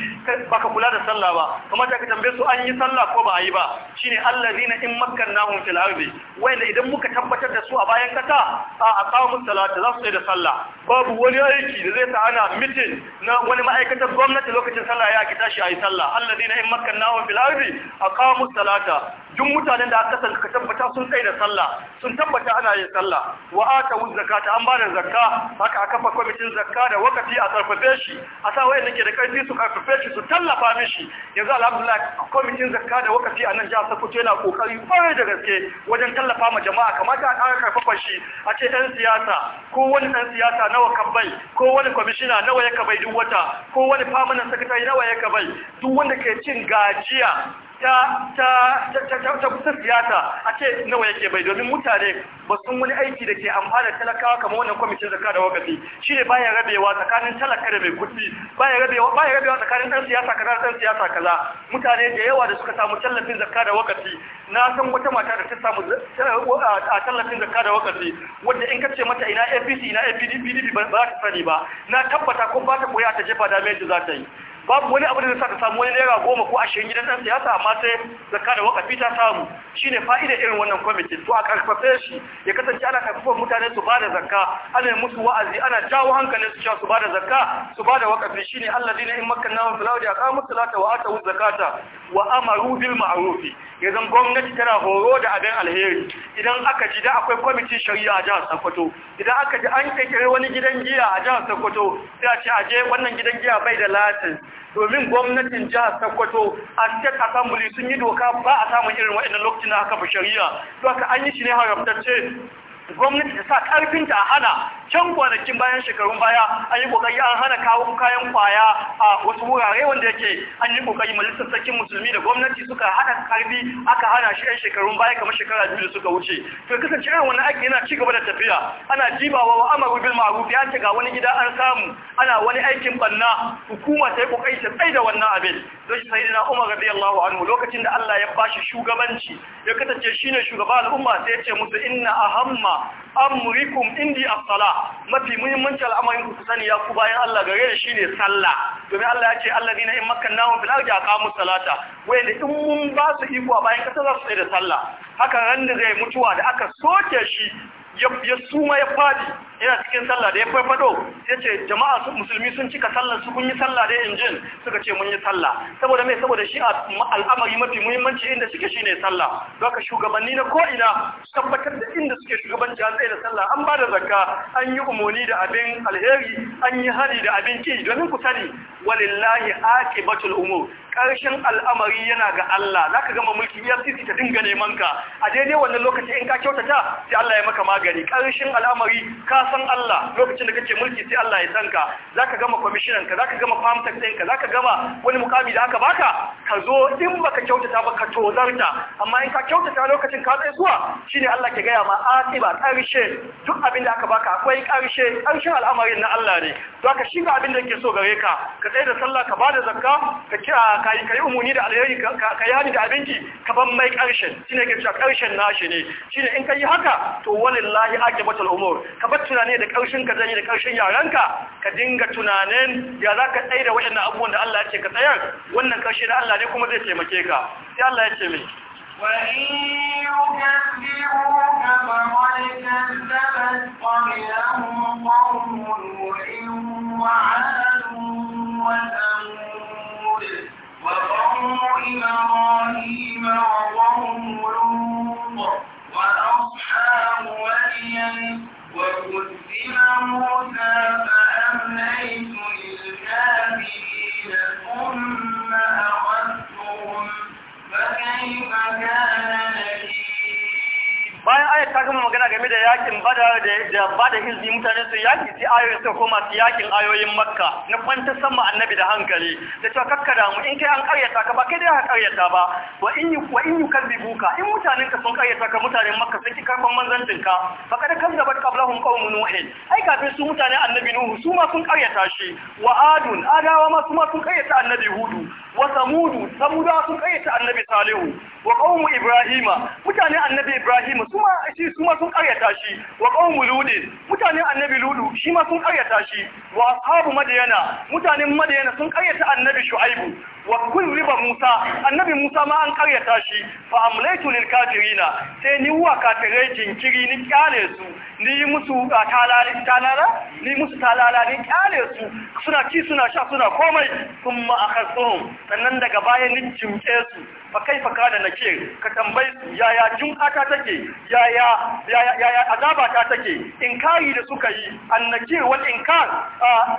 baka kula da sallah ba kuma ta ka tambaye su an yi sallah ko ba a yi ba shine allazina in makkannahum fil ardi wanda idan muka tabbatar da su a bayan kasa a aqamu salata za su yi da sallah babu wani aiki da zai sa ana mitin na wani ma'aikatar gwamnati lokacin sallah ya ki tashi ayi sallah allazina in makkannahum fil ardi aqamu salata duk mutanen da aka kasance ka tabbata sun kai da sallah sun tabbata ana yin sallah wa atawu zakata an ba da zakka haka aka kafa kwamitin zakka da wakati a sarfafe shi a sa wanda ke da karfi su karfafe shi su tallafa mishi yanzu alhamdulillah kwamitin zakka da wakafi a nan jihar Sokoto yana kokari kwarai da gaske wajen tallafa ma jama'a kamata a ƙara karfafa shi a ce ɗan siyasa ko wani ɗan siyasa nawa ka bai ko wani kwamishina nawa ya ka bai duk wata ko wani famanan sakatari nawa ya ka bai duk wanda ke cin gajiya ta ta kusa siyasa a ce nawa yake bai domin mutane ba sun wani aiki da ke amfana talakawa kamar wannan kwamishin zaka da wakati. shi ne bayan rabewa tsakanin talaka da mai kuɗi bayan rabewa tsakanin ɗan siyasa kaza da ɗan siyasa kaza mutane da yawa da suka samu tallafin zaka da wakati na san wata mata da ta samu a tallafin zaka da wakati wanda in ka ce mata ina APC ina APDP ba za ta sani ba na tabbata ko ba ta koya ta jefa damage yadda za ta yi babu wani abu da zai saka samu wani naira goma ko ashirin gidan ɗan siyasa amma sai zakka da wakafi ta samu shine fa'ida irin wannan kwamiti to a karfafe shi ya kasance ana karfafa mutane su bada zakka ana musu wa'azi ana jawo hankalin su cewa su bada zakka su bada wakafi shine dina in makkannahum a a aqamu salata wa atu zakata wa amaru bil ma'ruf zan gwamnati tana horo da abin alheri idan aka ji da akwai kwamitin shari'a a jihar Sokoto idan aka ji an kirkire wani gidan giya a jihar Sokoto sai a ce a je wannan gidan giya bai da latin domin gwamnatin jihar sakwato a cikin assembly sun yi doka ba a samun irin waɗannan lokacin da aka fi shari'a don an yi shi ne haramtacce gwamnati ta sa karfinta a hana can kwanakin bayan shekarun baya an yi kokari an hana kawo kayan kwaya a wasu wurare wanda yake an yi kokari majalisar sarkin musulmi da gwamnati suka hada karfi aka hana shi yan shekarun baya kamar shekara biyu da suka wuce to kasance irin wannan aiki yana cigaba da tafiya ana jibawa wa amaru bil ma'ruf ya ce ga wani gida an samu ana wani aikin banna hukuma ta yi kokari ta tsaida da wannan abin don shi na Umar radiyallahu anhu lokacin da Allah ya bashi shugabanci ya kasance shine shugaba al'umma sai ya ce musu inna ahamma amrikum indi as sala mafi muhimmanci al'amarin ku sani ya ku bayan Allah gare da ne sallah domin Allah ya ce Allah alladina in makkannahum fil ardi aqamu salata wai da in mun ba su iko a bayan kasa za su da sallah haka ran da zai mutuwa da aka soke shi ya suma ya fadi yana cikin sallah da ya farfado ya ce jama'a musulmi sun cika sallar su kun yi sallah da injin suka ce mun yi sallah saboda mai saboda shi al'amari mafi muhimmanci inda suke shi ne sallah don ka shugabanni na ko'ina tabbatar da inda suke shugabanci an tsaye da sallah an bada da zakka an yi umarni da abin alheri an yi hari da abin ki domin ku sani walillahi aqibatul umur karshen al'amari yana ga Allah zaka gama mulki ya sisi ta dinga neman ka a daidai wannan lokaci in ka kyautata sai Allah ya maka magani gari karshen al'amari ka san Allah lokacin da kake mulki sai Allah ya san ka Za ka gama commissioner ka za ka gama farm tax ɗinka ka gama wani mukami da aka baka ka zo in baka kyautata ba ka tozarta amma in ka kyautata lokacin ka tsaye zuwa shine Allah ke gaya ma akiba karshe duk abin da aka baka akwai ƙarshe ƙarshen al'amarin na Allah ne to ka shiga abin da yake so gare ka ka tsaye da sallah ka bada zakka ka kira ka yi umuni da alheri ka yi hani da abinci ka ban mai karshen shine ke cewa ƙarshen nashi ne shine in ka yi haka to wallahi ake aqibatul umur ka bar tunani da ƙarshen ka zani da ƙarshen yaranka ka dinga tunanin ya zaka tsaya da waɗannan abubuwan da Allah ya ce ka tsayar wannan ƙarshe na Allah ne kuma zai taimake ka sai Allah ya ce mai وإن يكذبوك فقد كذبت قبلهم قوم نوح وعاد وثمود وقوم إبراهيم وقوم لوط وأصحاب مدين وكذب موسى فأمليت للكافرين ثم أخذتهم فكيف كان نكير bayan ayat ta gama magana game da yakin bada da ba da izini mutane su yaki sai ayoyin suka koma su yakin ayoyin makka na kwanta sama annabi da hankali da cewa kakkada mu in kai an karyata ka ba kai dai an karyata ba wa in yi wa in yi buka in mutanen ka sun karyata ka mutanen makka sun ki karban manzancin ka fa kada kan da bar qablahum qaumun nuhin ai kafin su mutane annabi nuhu su ma sun karyata shi wa adun adawa ma su ma sun karyata annabi hudu wa samudu samuda sun karyata annabi salihu wa qaumu ibrahima mutanen annabi ibrahima su kuma shi su ma sun karyata shi wa qawmu ludi mutanen annabi ludu shi ma sun karyata shi wa ashabu madyana mutanen madyana sun karyata annabi shu'aibu wa riba Musa annabi Musa ma an karyata shi fa amlaytu lil kafirina sai ni wa kafirai jinkiri ni kyale su ni musu talala talala ni musu talala ni kyale su suna ci suna sha suna komai kuma akhasuhum sannan daga baya ni jimke su fa kaifa kana nake ka tambayi su yaya ta take yaya yaya azaba ta take inkari da suka yi annakir wal inkar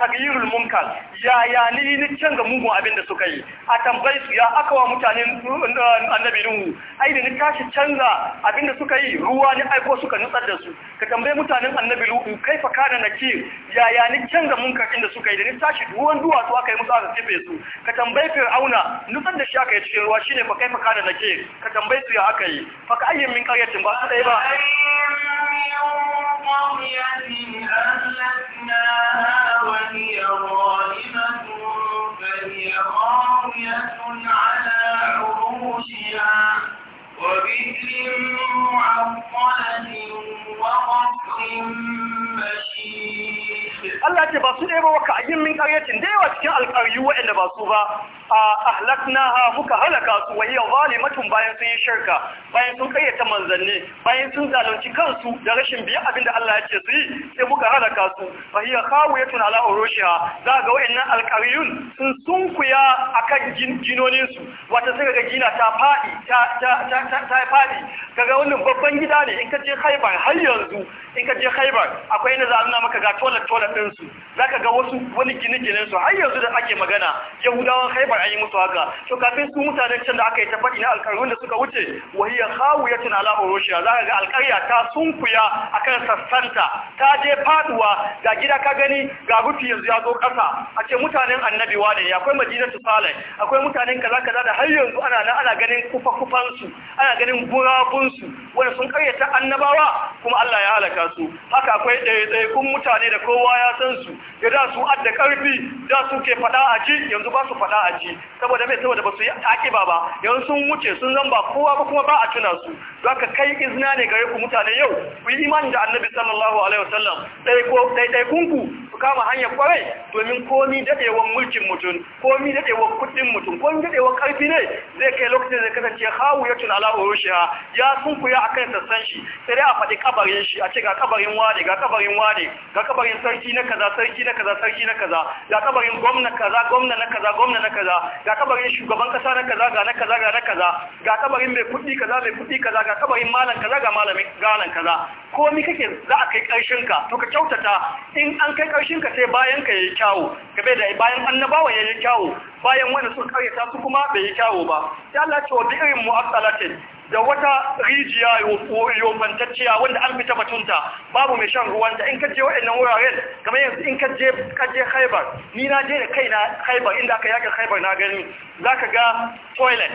tagyirul munkar yaya ni ni canza mugun abin da suka yi a tambayi su ya aka wa mutanen eh, annabi nuhu ai da ni tashi canza abinda suka yi ruwa ne aiko suka nutsar da su ka tambayi mutanen annabi kai fa kana nakir yaya ni canza munkakin da suka yi da ni tashi ruwan duwatsu aka yi musu aka kife su ka tambayi fir'auna nutsar da shi aka yi cikin ruwa shine fa kaifa kana nakir ka tambayi su ya aka yi fa ka ayyin min qaryatin ba sai ba أهلكناها وهي ظالمة فهي خاوية على عروشها وبئر معطلة وقصر مشيد Allah ce ba su ɗaya ba wa ka'ayyin min ƙaryacin da yawa cikin alƙaryu waɗanda ba su ba ahlaknaha muka halaka su wa hiya zalimatun bayan sun yi shirka bayan sun ta manzanni bayan sun zalunci kansu da rashin biya da Allah ya ce su yi sai muka halaka su fa hiya khawiyatun ala urushiha za ga wa'annan alqariyun sun sunkuya akan jinonin su wata sai ga gina ta fadi ta ta ta ta fadi kaga wannan babban gida ne in ka je Khaibar har yanzu in ka je Khaibar akwai na zaluna maka ga toilet toilet din su zaka ga wasu wani gine-ginen su har yanzu da ake magana Yahudawan Khaibar an yi musu haka to kafin su mutanen can da aka yi ta faɗi na alkarun da suka wuce wahiya tuna ala urushiya za ka ga alkarya ta a kan sassanta ta je faduwa ga gida ka gani ga rufi yanzu ya zo ƙasa a ce mutanen annabi wane ne akwai madinatu salih akwai mutanen kaza kaza da har yanzu ana nan ana ganin kufa kufan su ana ganin gurabun su wanda sun karyata annabawa kuma Allah ya halaka su haka akwai ɗaya kun mutane da kowa ya san su da da su adda karfi da su ke faɗa a ji yanzu ba su faɗa a ji ciki saboda mai saboda ba su yi akiba ba ba, yau sun wuce sun zamba, kowa ba kuma ba a tuna su za ka kai izina ne gare ku mutane yau ku yi imani da annabi sallallahu alaihi wasallam ɗaiɗaikunku ku kama hanyar kwarai domin komi dadewar mulkin mutum komi dadewar kuɗin mutum komi dadewar ƙarfi ne zai kai lokacin da kasance hawu ya tuna ala urushiha ya sun kuya kan sassan shi sai dai a faɗi kabarin shi a ce ga kabarin wane ga kabarin wane ga kabarin sarki na kaza sarki na kaza sarki na kaza ga kabarin gwamna kaza gwamna na kaza gwamna na kaza ga kabarin shugaban kasa na kaza ga na kaza ga na kaza ga kabarin mai kudi kaza mai kudi kaza ga kabarin malam kaza ga malamin ganan kaza ko mi kake za a kai karshen ka to ka kyautata in an kai karshen ka sai bayan ka yayi kyawu bai da bayan annabawa yayi kyawu bayan wanda suka karyata su kuma bai yi kyawu ba sai Allah ya ce wa bi irin mu'assalatin da wata rijiya yofantacciya wanda an fita batunta babu mai shan ruwanta in kaje waɗannan wuraren kamar yanzu in kaje kaje haibar ni na je da kaina haibar inda aka yaka haibar na gani zaka ga toilet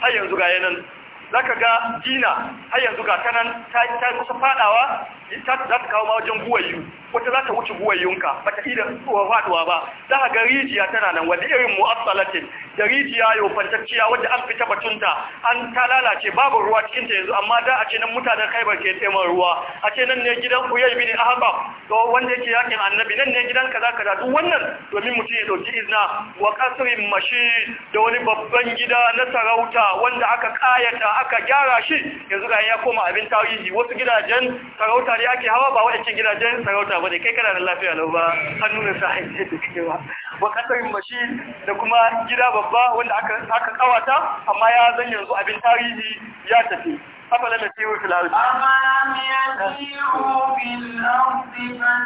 har yanzu ga yanan zaka ga gina har yanzu ga kanan ta kusa fadawa za ta kawo ma wajen guwayu wata za ta wuce guwayyunka ba ta ida faduwa ba za ga rijiya tana nan wanda irin mu'assalatin da rijiya yau fantacciya wadda an fita batunta an ta lalace babu ruwa cikin ta yanzu amma da a ce nan mutanen kaibar ke taiman ruwa a ce nan ne gidan uyai bin ahaba to wanda yake yakin annabi nan ne gidan kaza kaza duk wannan domin mutum ya dauki izna wa kasrin mashi da wani babban gida na sarauta wanda aka kayata aka gyara shi yanzu ga ya koma abin tarihi wasu gidajen sarauta mota ake hawa ba waɗancan gidajen sarauta ba ne kai kana da lafiya lau ba hannu da sa haifiyar da suke ba ka kasarin mashi da kuma gida babba wanda aka kawata amma ya zan yanzu abin tarihi ya tafi أفلم يسيروا في الأرض أفلم يسيروا في الأرض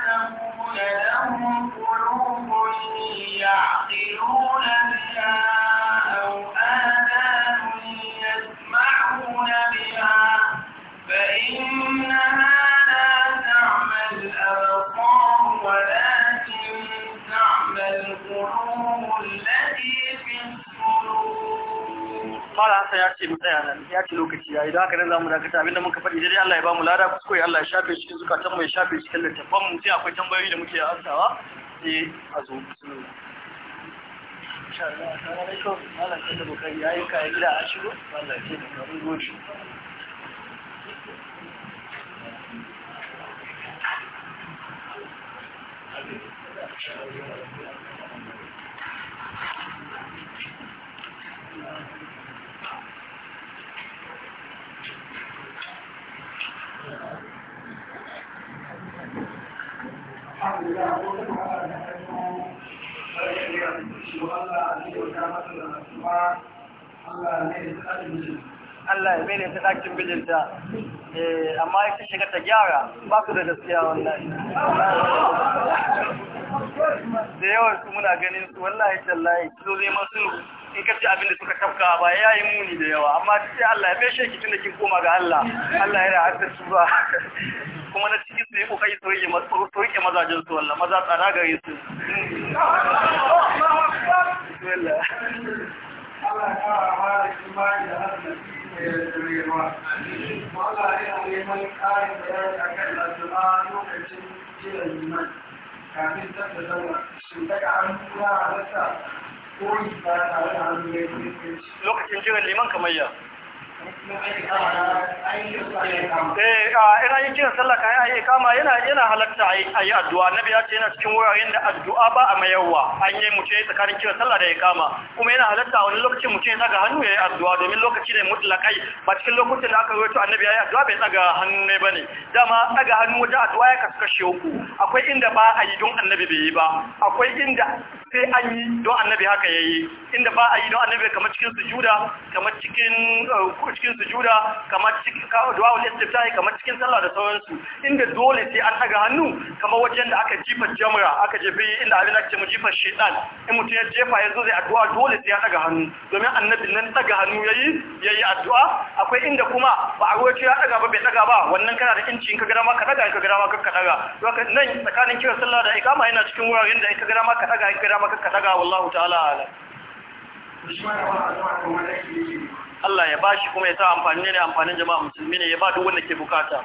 فإنها لا تعمى الأبصار ولكن تعمى القلوب التي في الصدور قال haka ya ce matsaya nan ya ce lokaci ya idan haka nan zamu dakata abinda muka faɗi dai Allah ya bamu lada kuskure Allah ya shafe shi zukatan mu ya shafe shi kallon tafan mu sai akwai tambayoyi da muke ansawa sai a zo insha Allah assalamu alaikum Allah ya tabbata yayin ka gida a shigo wallahi sai ka rubuta Allah ya mene ta ɗakin bijinta, eh, amma ita shiga ta gyara ba ku da gaskiya wannan. da yawan su muna ganin su wallahi tallahi su neman sulhu in kace abin da suka tafka ba yi muni da yawa amma sai Allah ya beshe ki da kin koma ga Allah Allah yana hasar su ba kuma na cikin su yi kokari su rike masu su rike mazajen su wallahi maza tsara gare su Allah ya ba imani da hasbi da Allah ya neman ƙarin bayani akan Al-Qur'an lokacin ila liman kafin ta da zama shin daga an tura halatta ko ba tare da hannu ya yi lokacin jiran liman kamar ya Eh, ah, ina yin kiran sallah kayan ayi kama yana yana halatta ayi addu'a nabi ya ce yana cikin wuraren da addu'a ba a mayarwa an yi mu ce tsakanin kiran sallah da ya kama kuma yana halatta wani lokacin mu ce daga hannu yayi addu'a domin lokaci ne mutlakai ba cikin lokacin da aka rawaito annabi yi addu'a bai daga hannu ne bane dama daga hannu wajen addu'a ya kasu kashe uku akwai inda ba a yi don annabi bai yi ba akwai inda sai an yi don annabi haka yayi inda ba a yi don annabi kamar cikin sujuda kamar cikin eh, cikin sujuda kamar cikin du'a ul istiftahi kamar cikin sallah da sauransu inda dole sai an daga hannu kamar wajen da aka jifa jamra aka jefe inda abin da ake mu jifa shaytan in mutum ya jefa ya zo zai addu'a dole sai ya daga hannu domin annabi nan daga hannu yayi yayi addu'a akwai inda kuma ba a roƙi ya daga ba bai daga ba wannan kana da inci in ka gada ma ka daga in ka gada ma ka daga nan tsakanin kiran sallah da ikama yana cikin wuraren da in ka gada ma ka daga in ka dama kakka daga wallahu ta'ala ala Allah ya ba shi kuma ya sa amfani ne amfanin jama'a musulmi ne ya ba duk wanda ke bukata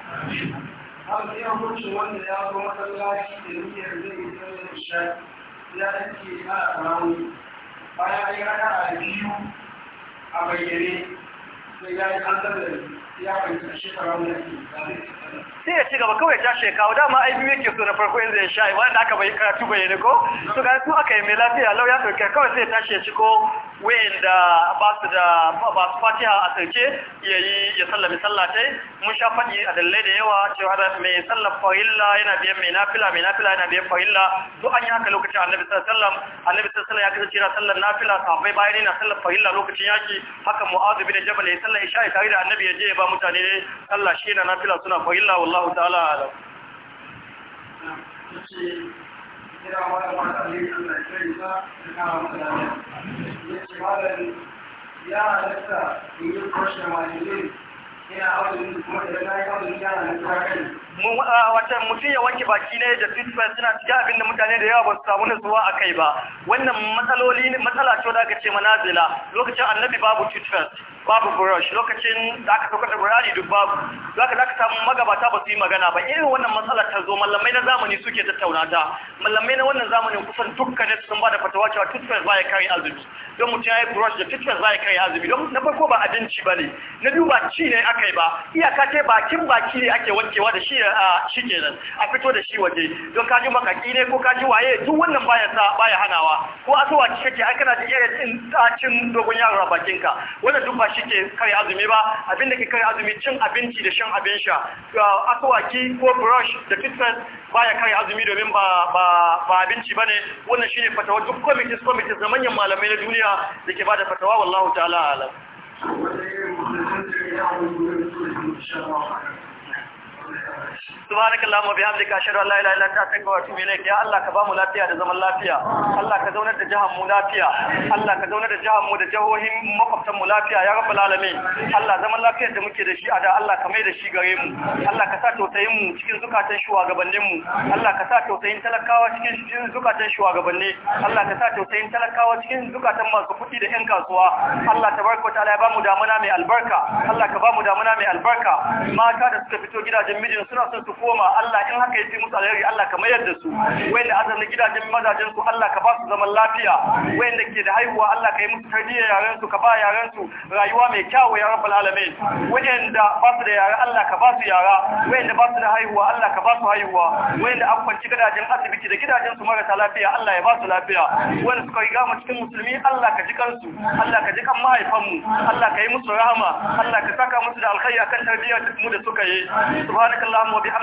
bayan ya rana a biyu a bayyane sai ya yi an da sai ya ci gaba kawai ta shekawa dama aibi yake so na farko yanzu ya sha iwa wanda aka bai karatu bai ne ko su ga su aka yi mai lafiya lau ya ɗauke kawai sai ya tashi ya ci ko wayan da ba su da ba su fatiha a sarki ya yi ya sallami sallatai mun sha faɗi a dalilai da yawa cewa da mai sallar farilla yana biyan mai nafila mai nafila yana biyan farilla to an yi haka lokacin annabi sallallahu alaihi wasallam annabi sallallahu alaihi wasallam ya kasance sallar nafila sahabbai bayan yana sallar farilla lokacin yaki haka mu'adh bin jabal ya sallar isha tare da annabi ya je ya ba mutane ne Allah shi na nafila suna fahimla wallahu ta'ala alam ya wata mutum ya wanke baki ne da fitfai suna cikin abin da mutane da yawa ba su samu nutsuwa a kai ba wannan matsaloli matsala ce da aka ce manazila lokacin annabi babu fitfai babu brush lokacin da aka saukar da burali duk babu Za zaka samu magabata ba su yi magana ba irin wannan matsalar ta zo mallamai na zamani suke tattauna ta mallamai na wannan zamanin kusan dukkan su sun bada fatawa cewa za ya kare azumi don mutum ya yi brush da za baya kare azumi don na farko ba abinci ba ne na biyu ba ci ne aka yi ba iyaka ce bakin baki ne ake wankewa da shi a shi kenan a fito da shi waje don ka ji makaki ne ko ka ji waye duk wannan baya sa baya hanawa ko asuwa kake ai kana da irin cin dogon yaro a bakinka wannan duk ba ba shi ke azumi ba abin da ke kare azumi cin abinci da shan abin sha asawaki ko brush da ba baya kare azumi domin ba ba ne, bane wannan shine fatawa duk committees committees na manyan malamai na duniya da ke ba da fatawa wallahu ta'ala alam subhanakallahumma wa bihamdika ashhadu an la ilaha illa anta astaghfiruka wa atubu ilayk ya Allah ka ba mu lafiya da zaman lafiya Allah ka zaunar da jihar mu lafiya Allah ka zaunar da jihar mu da jihohin makwabtan mu lafiya ya rabbal alamin Allah zaman lafiyar da muke da shi a da Allah ka mai da shi gare mu Allah ka sa tausayin mu cikin zukatan shugabannin mu Allah ka sa tausayin talakawa cikin zukatan shugabanni Allah ka sa tausayin talakawa cikin zukatan masu kuɗi da ƴan kasuwa Allah tabaraka ta'ala ya bamu damuna mai albarka Allah ka bamu damuna mai albarka mata da suka fito gidajen mijin suna son su koma Allah in haka yace musu alheri Allah ka mayar da su wanda azan na gidajen mazajen su Allah ka ba su zaman lafiya wanda ke da haihuwa Allah ka yi musu tarbiyya yaran su ka ba yaran su rayuwa mai kyau ya rabbal alamin wanda ba su da yara Allah ka ba su yara wanda ba su da haihuwa Allah ka ba su haihuwa wanda an kwanci gidajen asibiti da gidajen su marasa lafiya Allah ya ba su lafiya wanda suka riga mu cikin musulmi Allah ka ji kansu Allah ka ji kan mahaifanmu Allah ka yi musu rahama Allah ka saka musu da alkhairi akan tarbiyyar mu da suka yi subhanakallahumma wa bihamdika